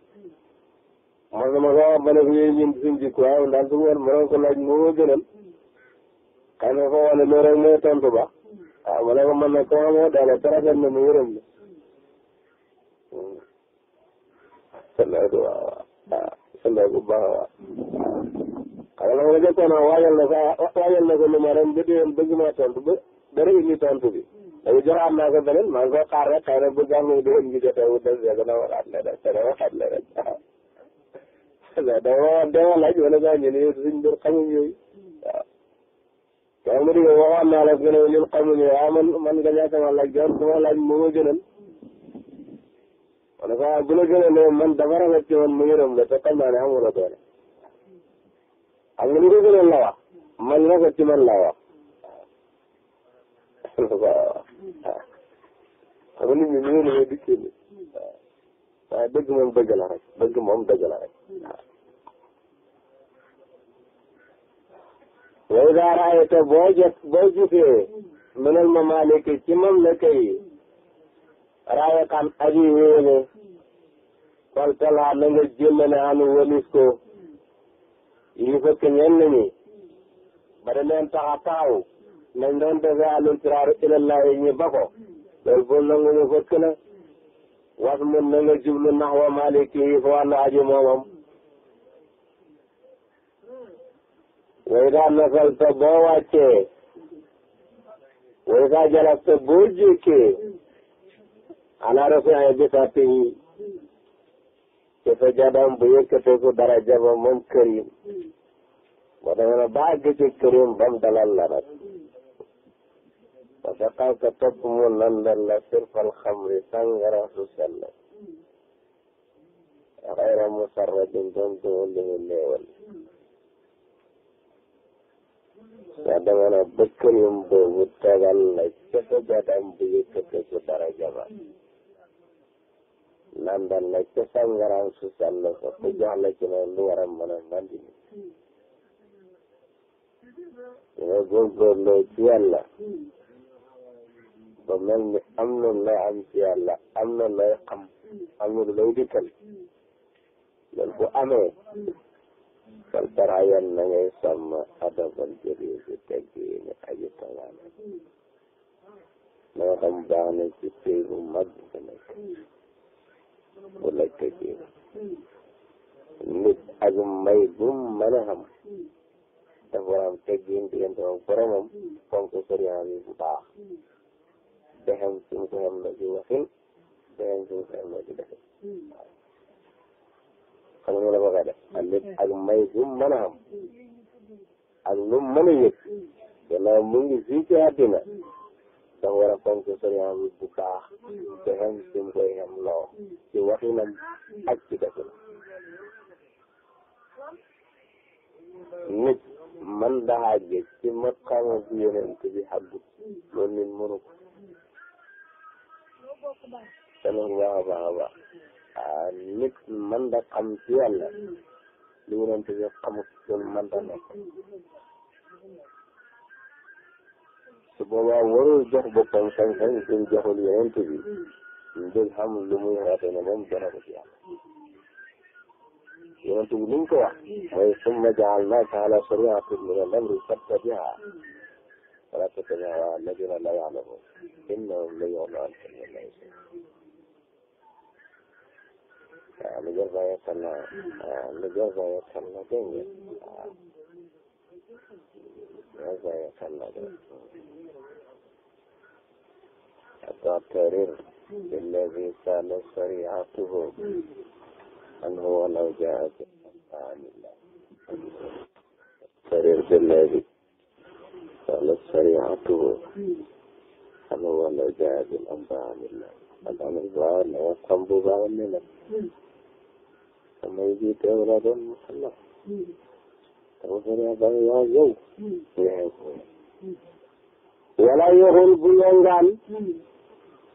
[SPEAKER 1] man ma ko wax ba ne ko yooyu ñun suñ jikko waaye daal su ma mënoon ko laaj ma gënal xam nga foo wane loolu rek mooy tontu ma ne ko man nag koo xamoo daal te rafet na mu yërëm la. sëllaay bu baax waaw waaw sëllaay bu baax waaw. xam nga nag jëkkoon naa waajal na sax waajal na ba déwén bëgg ba dara indi tontu bi. léegi joxaat naa ko beneen maa ngi ko xaar rek xëy na bu gàllankoor déwén bi jotee wu des rek dana waxaat ne rek dana waxaat ne rek mais da ma da ma laaj wala daa ñu ne yéen suñ mbir xamuñ yooyu waaw. waaw ma ne ko waxoon naa la gën a ñun xamuñu waaw man man nga ñàkk ma laaj gën sama laaj moo ma gënal. wala waaw bu la man dafa rafet ci man mu yërëm la te xam naa ne amuloo doole. xam nga li ko gënal la wax man rafet ci man laa *laughs* di dikkee waaye dëgg moom dëgg la rek dëgg moom dëgg la rek waaw. wa idaa raayta boo jot boo gisee minal mamaaliki ci mamlaka yi raayatan aji wéele faltala na nga jéemane anu walis ko yi fëkk ñenn ñi ba da leen tax a taaw nañ doon defee alintiraar ilallahi ñi ba ko loolu bul nangu ñu fëkk was mun na nga jublu nax wa maliki yi fa wàllu aji moomam nasal ta boo wàccee way daa jalab ta boo jékkee ala rafiin bi satihi ci sa jadam bu yëkkatee ko daraja ba moom kërim moo tax na ba àgg ci kërim bam dalal la wa saqaa ka topp mu nandal la sirfal xamri sàngara su sell xayra musarradin donte wala mu néewal nga dama na bëkkërim boobu tegal la ca sa jadam bu yëkkate ku dara jaba nandal la ca sàngaraam su sell fa ku jox la ci noonu lu war a mën a mandi ni nga góorgóorloo ci yàlla ba mel ni am na am ci yàlla am na lay xam am na lu lay dikkal loolu bu amee fal tarayan na ngay sàmm adabal jëriñ si aji tamaane nanga xam baax na ci pays bu mag bu nekk bu laj ko ci nit ak may bu mën a xam dafa war a am teggin diggante ak boromam fonk soriyaam yi bu baax dexem suñu dexem la ci waxin dexem suñu dexem la ci defin xam nga la bëgg a def hmm. ak lépp hmm. ak may bu mën a hmm. ci àddina dafa war a fonk soriant bi bu nit mënu ko tamit bu baax a baax a baax ah nit man da xam ci yàlla li mu doon tuddee xamut loolu man da nekk su boobaa warul jox boppam sañ-sañ suñ joxul yeneen bi ñu xam lu muy xoote ne moom gën a ko ci yàlla yeneen bi ni mu ko wax mooy summa ja'alnaaka ala shari'atin min ولا تتبع الذين لا يعلمون إنهم لن يغنوا عنك من الله شيئا مجرد يصلى مجرد يصلى دنيا مجرد يصلى فاعترر بالذي كانت شريعته أنه لو جاء بالحق عن الله فاعترر بالذي قالت شريعته أنا ولا جاء بالأنباء لله الأنباء لا يفهم بضاعا لنا sama ji teew laa doon musalla sama sëriñ ba nga wax yow nee ko wala yoxul bu ñongaan hmm.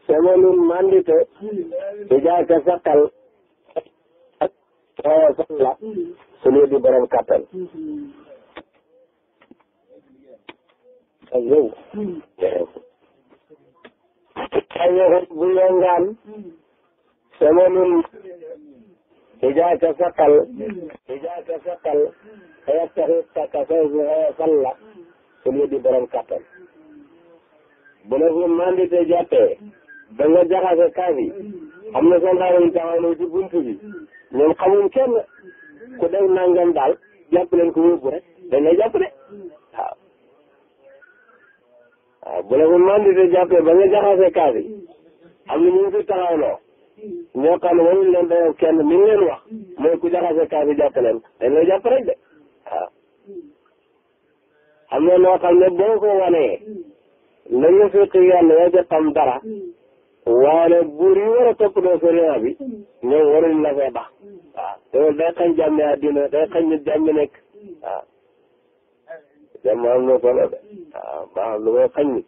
[SPEAKER 1] semelun mandite ijaaka sakkal xewa salla su lii yow tayoxut bu yongaan sama nun hijaaka sakal hijaaka sakal xaya taxit takka sayfu xaya salla sunu di borom kattan bu la fi mandite jàppee ba nga jaxase kaas yi am na soldaar yu taxaw ne ci bunt bi ñoom xamuñ kenn ku def nangam daal jàpp leen ko wóobu rek dañ lay jàpp de waaw bu la ko mandité jàppee ba nga jaxase kaas yi am na ñu fi taxawloo ñoo xam ne waruñ kenn mi leen wax mooy ku jaxase kaas yi jàpp leen dañ de waaw am na noo ne boo ko wanee la ñu fi xiyaal yoo ca xam dara waaye buur yi war a toppatoo sariya bi ñoom waruñ la fee bax day xañ jàmm day xañ nit nekk jàmm am na solo de waaw ah, baax lu may xañ nit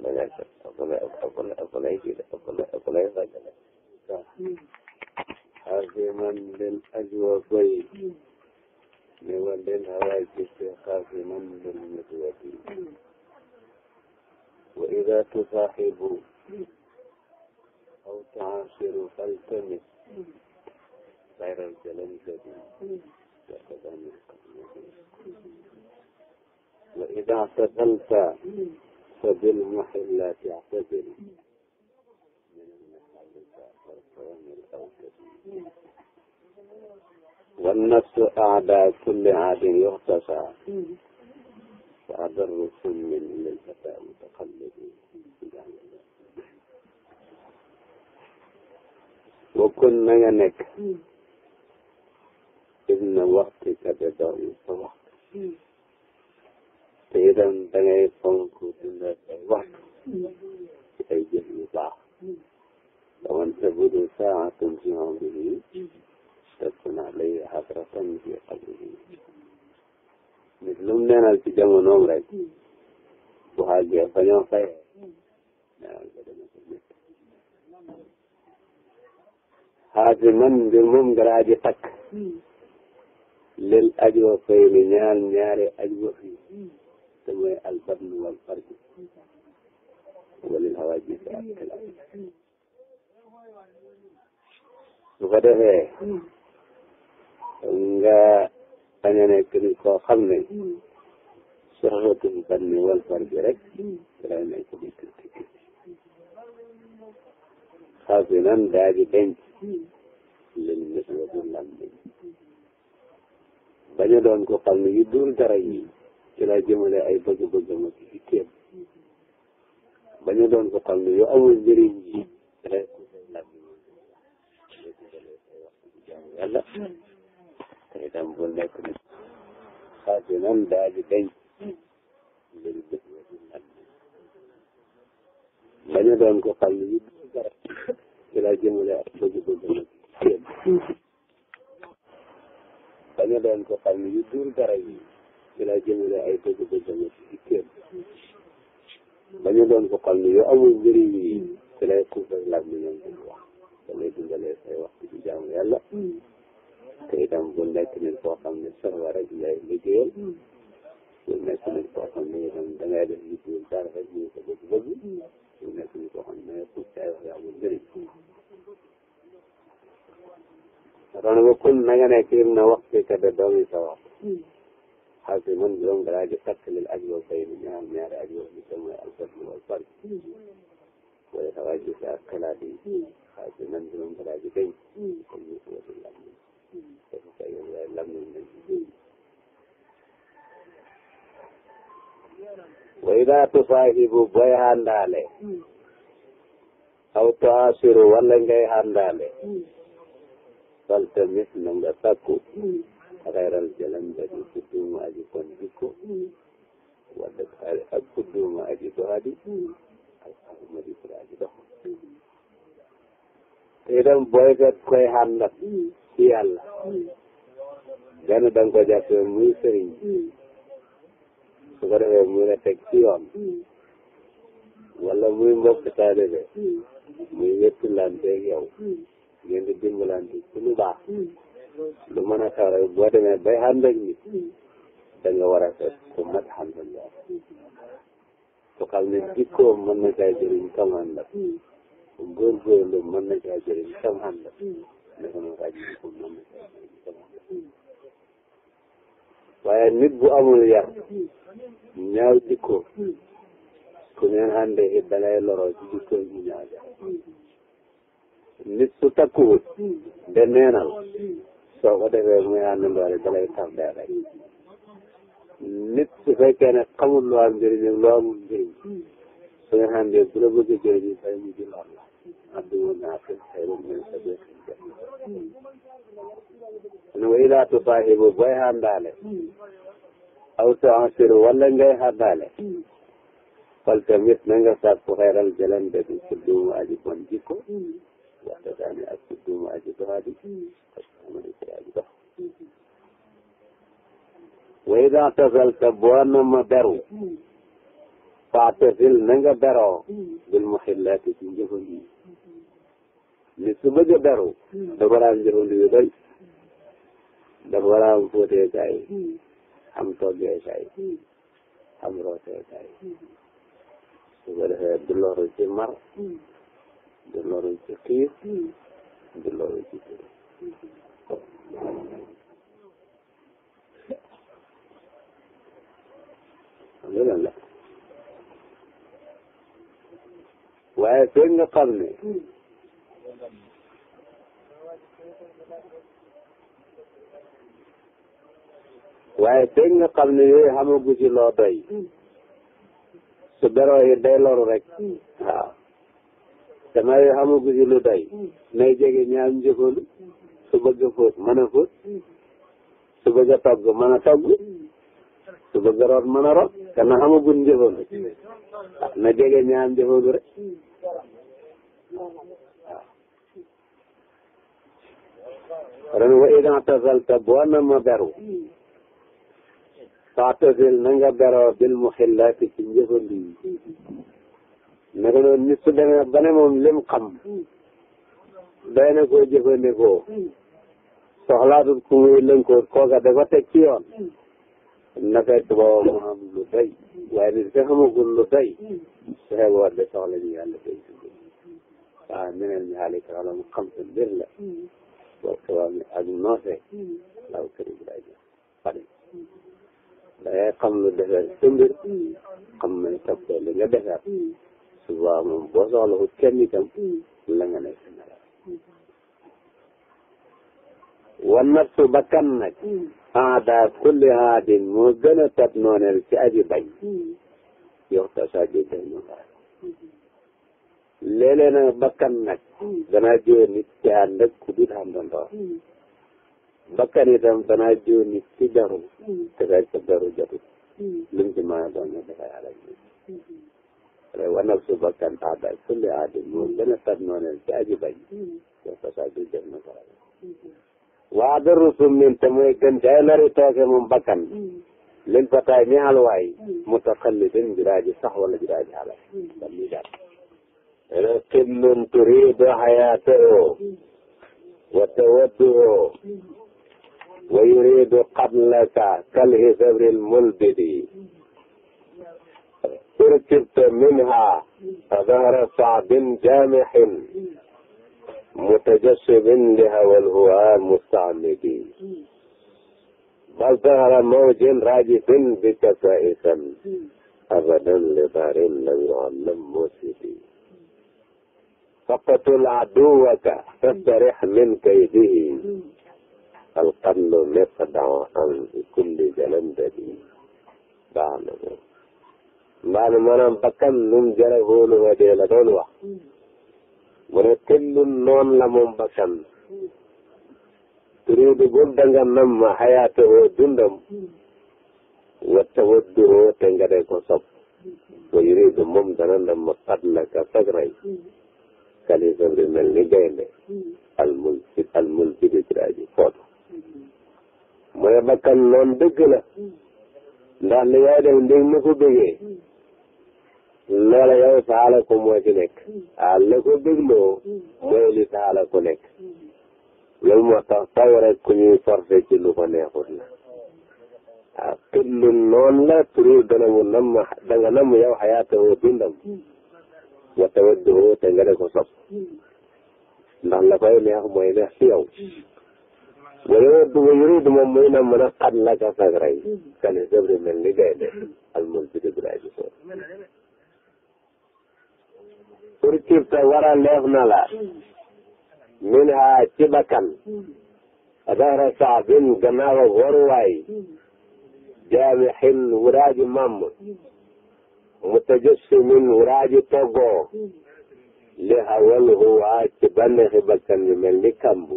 [SPEAKER 1] mu nekk ëpp na ëpp na ëpp na kii de ëpp na ëpp na sàcc de waaw xaasiman len ajwa bëri ne wa len xawaay giste xaasiman len mitwati wa ida tusaaxibu aw taasiru faltamis xayral jalan jadi wa ida tadalta fa bil mahillati a'tabil والنفس أعدى كل عاد يغتسى فأضر سم للفتى متقلب وكن nga nekk. ibn waxtika de doom sa
[SPEAKER 2] waxtu.
[SPEAKER 1] te itam dangay fonk dundal say waxtu ci ay jëf yu baax waman tabudu saatun fi umrihi takun alayhi hasratan fi qalbihi nit lu mu neenal ci jamonoom rek bu xàggee fa ñoo fayee neenal ko dana ko jëf xaati man mbir moom nga laa ji takk lil ajwa fay ni ñaal ñaari ajwa fii te mooy albadlu wal farju walil hawaajis ak xilaf su ko defee nga bañ a nekk nit koo xam ne soxatul banni wal farju rek lay nekk di critique xaafi nan daa di denc lin nit wa du lam bañ a doon ko xam ne yu dul dara yi ci laa jëmale ay bëgg-bëgg ma ci itteem ba doon ko xam ne yu amul njëriñ yi rek yàlla te itam bu nekk ni xaati nan daal di dañ mbiri bët wadi nag ba doon ko xam ne yu dara ci laa jëmale ay bëgg-bëgg ma ci itteem ba doon ko xam ne yu dul dara yi ci la jëmale ay bëgg-bëggam ci dikkeem ba ñu doon ko xam ne amul njëriñ yi ci lay kuuf rek laaj ñoom duñ wax da lay dundalee say waxtu ci jaamu yàlla bu nekk nit koo xam ne soxla rek lay liggéeyal bu nekk nit koo xam ne itam da ngay def yitte dara rek ñu ko bëgg ne da na nga ka doomi sa waxtu xaal bi man juróom daraa di fàttalil ak yow fay ni ñaar ñaari ak yow bi te mooy alfadlu wal fard wala xawaaj bi sa ak xalaat yi xaal bi man juróom daraa di dañ comme ñu tuwatu làmmiñ dafa fay yow waaye làmmiñ lañ way daa tusaahibu boy xàndaale aw tuasiru wala ngay xàndaale faltamis na nga sakku xayral jalan dadi kudduma aji kon jikko wadda ak kudduma aji doxadi ak xaruma di pour aji dox te itam booy fekk koy xàndat ci yàlla benn da nga ko jàppe muy sëriñ su ko defee muy la teg ci yoon wala muy mbokk taalibe muy wettu lanteeg yow ngeen di dimbalante ci lu
[SPEAKER 2] lu mën a xew rek boo demee
[SPEAKER 1] bay ànd ak nit da nga war a fekk ku mat xam sa njaboot su xam ne jikkoom mën na caa jëriñ kam ànd ak góorgóorlu mën na caa jëriñ kam ànd ak dafa mën caa jëriñ mën na caa jëriñ kam ànd ak waaye nit bu amul yar ñaaw jikkoom ku ngeen àndee it da ngay loroo ci jikkoom ñu ñaaw nit su soo ko defee muy àndandoo rek dalay tardé rek nit su fekkee ne xamul lu am njëriñ ak lu amul njëriñ su nga xam ne bu la bëgg a jëriñ fay mu ji lool la abdoulaye naa fi xayrun min sadiqin ne wa ilaa tusaahibu booy àndaale aw tu'ashiru wala ngay àndaale fal tamit na nga sàkku xayral jëlante bi mu aji bon jikko wante daane ak tudduma aji doxadi parce que amadi ci aji dox way dan tasal te boo na ma beru faatasil na nga beroo bil muxillaati ci njëfandi ni su bëgg a beru dafa war a am njëfandi yu doy dafa war a am fóotee kaay am toggee kaay am rootee kaay su ko defee du loru ci mar di loru ci xiif di loru ci xiif alhamdulilah waaye feeg nga xam ne waaye feeg nga xam ne yooyu xamagu ci loo doy su beroo day loru rek waaw damay xamagu ci lu doy nay jege ñaar njëkkoon su bëgg a fóot mën a fóot su bëgg togg mën togg su bëgg root mën root te na xamaguñ njëkkoon ah, na jege ñaar njëkkoon rek
[SPEAKER 2] waaw. Ah. ren wa idan
[SPEAKER 1] tasalta boo na ma beru faatasil na nga beroo bil mu xillaati ci njëkkoon naka noonu nit su demee ba ne moom lim xam day na ko jëfandikoo hmm. Hmm. soxlaatul ku muy lënkoo kooka dafa teg ci yoon hmm. na fekk booba mu am lu doy waaye nit ki xamagul lu doy su xeeboon de soxla ñu yàlla day dugg waaw meneen mi xaali kaala mu xam sa mbir la boo ko waa mi ak noose law kër gi laa jox xale da ngay xam lu defar suba moom boo soxla ko kenn itam la nga na la wan nafsu bakkan nag aadaa kulli haadin moo gën a tat nooneel ci aji bañ yox ta saa ji dañ ñu baal léeg-léeg nag bakkan nag danaa jóo nit ci ku dul àndandoo bakkan itam danaa jóo nit daru te dañ ko daru jotul luñ ci mën a doon ne dafay alal wane ak su bakkan aada kulli gën a tar nooneel ci aji bañ yow fasaa bi jëf na ko waa daru sum min sax wala jiraaji xalal dam ñi daal raqillun turidu xayaatahu mm-hmm. wa tawadduhu mm-hmm. wa yuridu qatlaka kal hisabril mulbidi mm-hmm. ركبت منها ظهر صعب جامح متجشب لهوى الهوى مستعمد بل ظهر موج راجف بك فائسا أبدا لبار لم يعلم موسدي فقتل عدوك فاسترح من كيده القتل مقدع عن كل جلندبي بعلمه mbaanu maanaam bakkan lum jara hóolu ma dee la doon wax mu ne tëllun noon la moom bakkan turiidu bul danga nam ma xayaatahoo dundam watta wadduhoo te nga de ko sopp wa yuriidu moom dana nam ma qatlaka sag rey kalifa bi mel ni gaynde al mul al mul bidi jiraaji footu mu ne bakkan noon dëgg la ndax li yaay def ndég ma ko bëggee loola yow saxaala ko moo ci nekk waaw la ko dégloo li saxaala ko nekk loolu ta tax taw rek ku ñuy forcé ci lu la waaw tullu la turu dana mu nam da nga nam yow xayaatawoo dundam ne ko sopp ndax la koy neex mooy neex ci yow wala duma yuridu moom muy na mën a xat laka sag rey mel ni gaynde al mulbidi bu pour te wara leef na min ha ci bakkan adara saabin gannaaw ak waruwaay jaamixin wuraaji mam mutajassumin wuraaji toggoo li hawal huwa ci banneexi bakkan mi mel ni kambu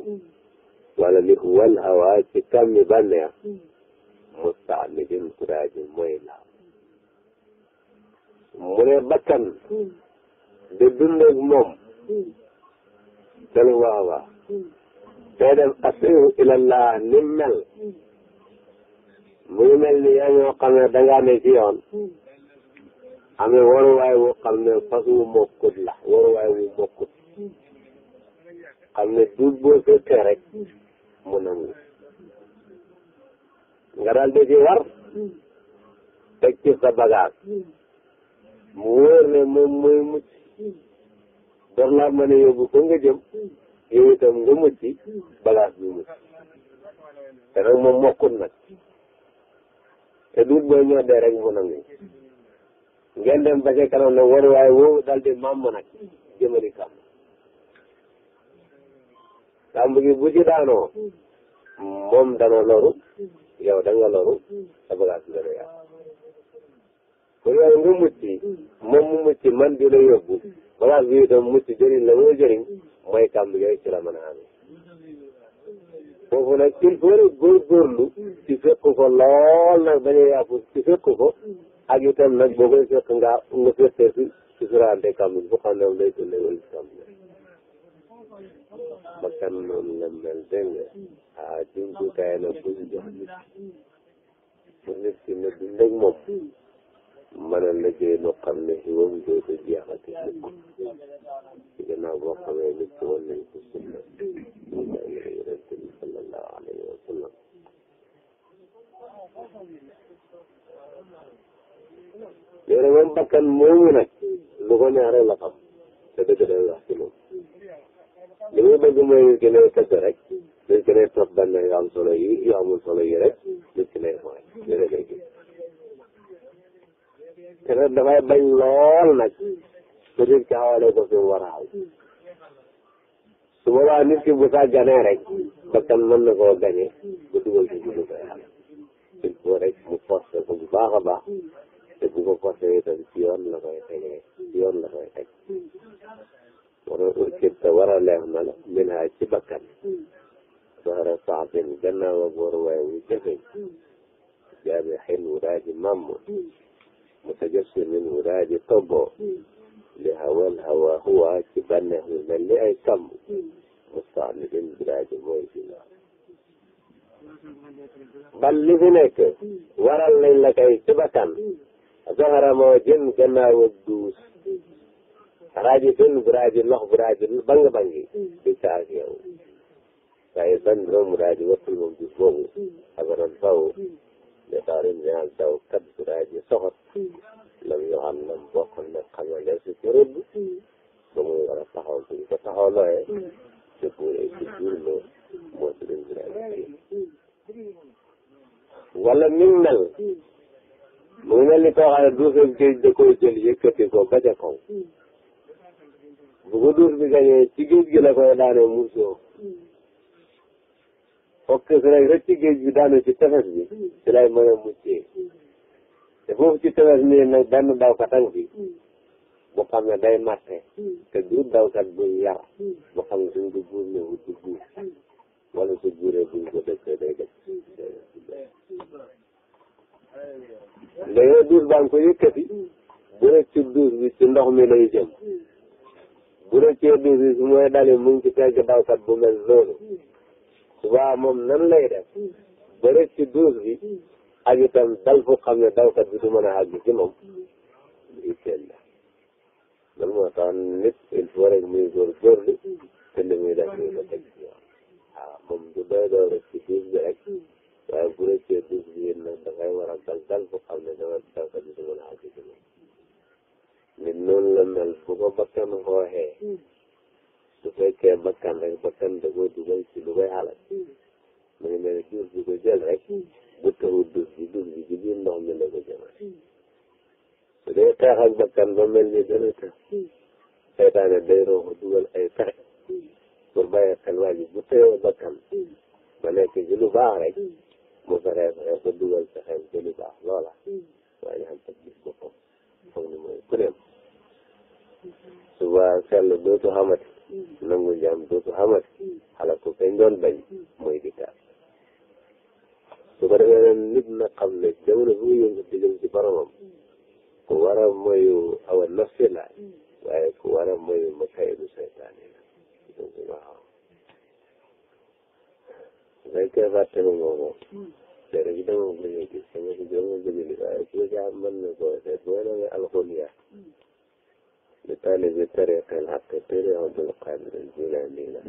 [SPEAKER 1] wala li huwal hawa ci kam mi banneex mustaamidin wuraaji mooy la mu ne bakkan di dund ak moom te lu baax a baax tey def ni mel muy mel ne dangaa ne ci yoon wu xam ne fas wu la waruwaay wu mokkut xam ne duut boo fekkee rek mu nangu nga daal di war teg ci sa bagage mu wóor ne moom mooy mucc war naa mën a yóbbu ko nga jëm yow itam nga mujj balaas bi mujj te nag moom mokkut nag te duut booy ñoddee rek mu nangu ngeen dem ba ca kanam nag waruwaay woowu daal di màmm nag jëmali kàmm kàmm gi bu ci daanoo moom dana loru yow da nga loru ba yow nga mucc moom mu mucc man di la yóbbu balaa bi itam mucc jëriñ la wala jëriñ mooy kàmb yooyu ci la mën a amee foofu nag il faut rek góorgóorlu ci fekk ko lool nag bañ a yàpp ci fekk ko ak itam nag boo koy moom lay dundee wala si kàmb bi bakkan noonu moom mën a liggéey lu xam ne si moom dootu jeexati ci gannaaw boo xamee nit ki woon nañ ko sunna yonent bi sallallahu alayhi wa sallam nee na moom bakkan moomu nag lu ko neex rek la xam te dëgg day wax ci moom li muy bëgg mooy nit yu am solo yu rek te nag dafay bañ lool nag ba nit ki xawale ko fi mu war a xaw bakkan mën na koo gañe ba dugal ci jiwu ko yàlla mu forcer ko bu baax a baax te bu ko yoon la koy tegee ci la koy teg war a kii te war a leer na la min haa ci bakkan soxla saatin gannaaw ak war waay wu jafe jaabi xel wu daa ji màmm mutajassim min mu daal di toggoo li hawal hawa huwa ci bànneex yu mel ni ay kàmb mustaamidin bi daal di mooy ci naan bal li fi nekk waral nañ la kay ci bakkan zahara moo jën gannaaw ak duus raaji dën bu raaji lox bu raaji bang bangi di caag yow waaye ban doom mu daal di wattul moom gis boobu abaran faw li daarin ñaal daw kat gudaa ji soxot mm. lam yoo xam ne na xamale su ci rëbb mm. ba muy war taxaw suñ ko taxaw looyee mm. ci buur ay ci buur loo moo ci dañ wala min mel ni koo xam ne duusam géej da koy jël yëkkati ko ba ca kaw bu ko duus bi gi la koy daanee muusoo fokk su rek rëcc géej bi daanu ci tefes bi ci lay mën a muccee te foofu ci tefes nii nag benn dawkat ak fi bu xam ne day matte te du dawkat buñ bu xam ne suñ ko buur ne wut wala su buuree buñ ko dëkkee day dëkk léegi duus baa ngi ko yëkkati bu rëcc ci duus bi ci ndox mi lay jëm bu rëccee duus bi su mooy dali mu ngi ci tegg dawkat bu mel noonu subaa moom nan lay def ba rek ci duus bi ak dal fu xam ne dawkat bi du mën a àgg ci moom itteel la loolu moo tax nit il faut rek muy góorgóorlu te li muy def muy ko teg ci yoon waaw moom du doy doy rek ci duus bi rek waaye ci duus bi yéen nag dangay war a dal dal fu xam ne dawa dawkat bi du mën a àgg ci moom nit noonu la mel bu ko bakkan xooxee su fekkee bakkan rek bakkan da koo dugal ci lu koy xalal hmm. mu ngi mel ne jur rek hmm. bu taxul dugg bi dugg bi ci biir ndox mi la ko jëmal hmm. su dee xeex ak bakkan ba mel ni dana tax seytaane day rooxo dugal ay pexe pour bàyyi xel waa ji bu tëyoo bakkan ba nekk ci lu baax rek mu fexe fexe ba dugal pexeem ci lu baax loola waaye xam tag gis boppam foog ni mooy kuréem suba sell dootu xamati nangu jaam dootu xamati xalaat ko feñ doon bañ mooy dikkaat su ko nit na xam ne jamono fu muy yëngu di jëm ci boromam ku war a moyu awa nafsi la waaye ku war a moyu ma kayidu seytaane la waaw dañ koy ma moomoo dara gi dama bëgg a gis sama si jom bëgg li waaye ku ca mën na koo seet boo demee alxuliya li taalibi tariqil haq Piri Abdul Qadir al Jilani la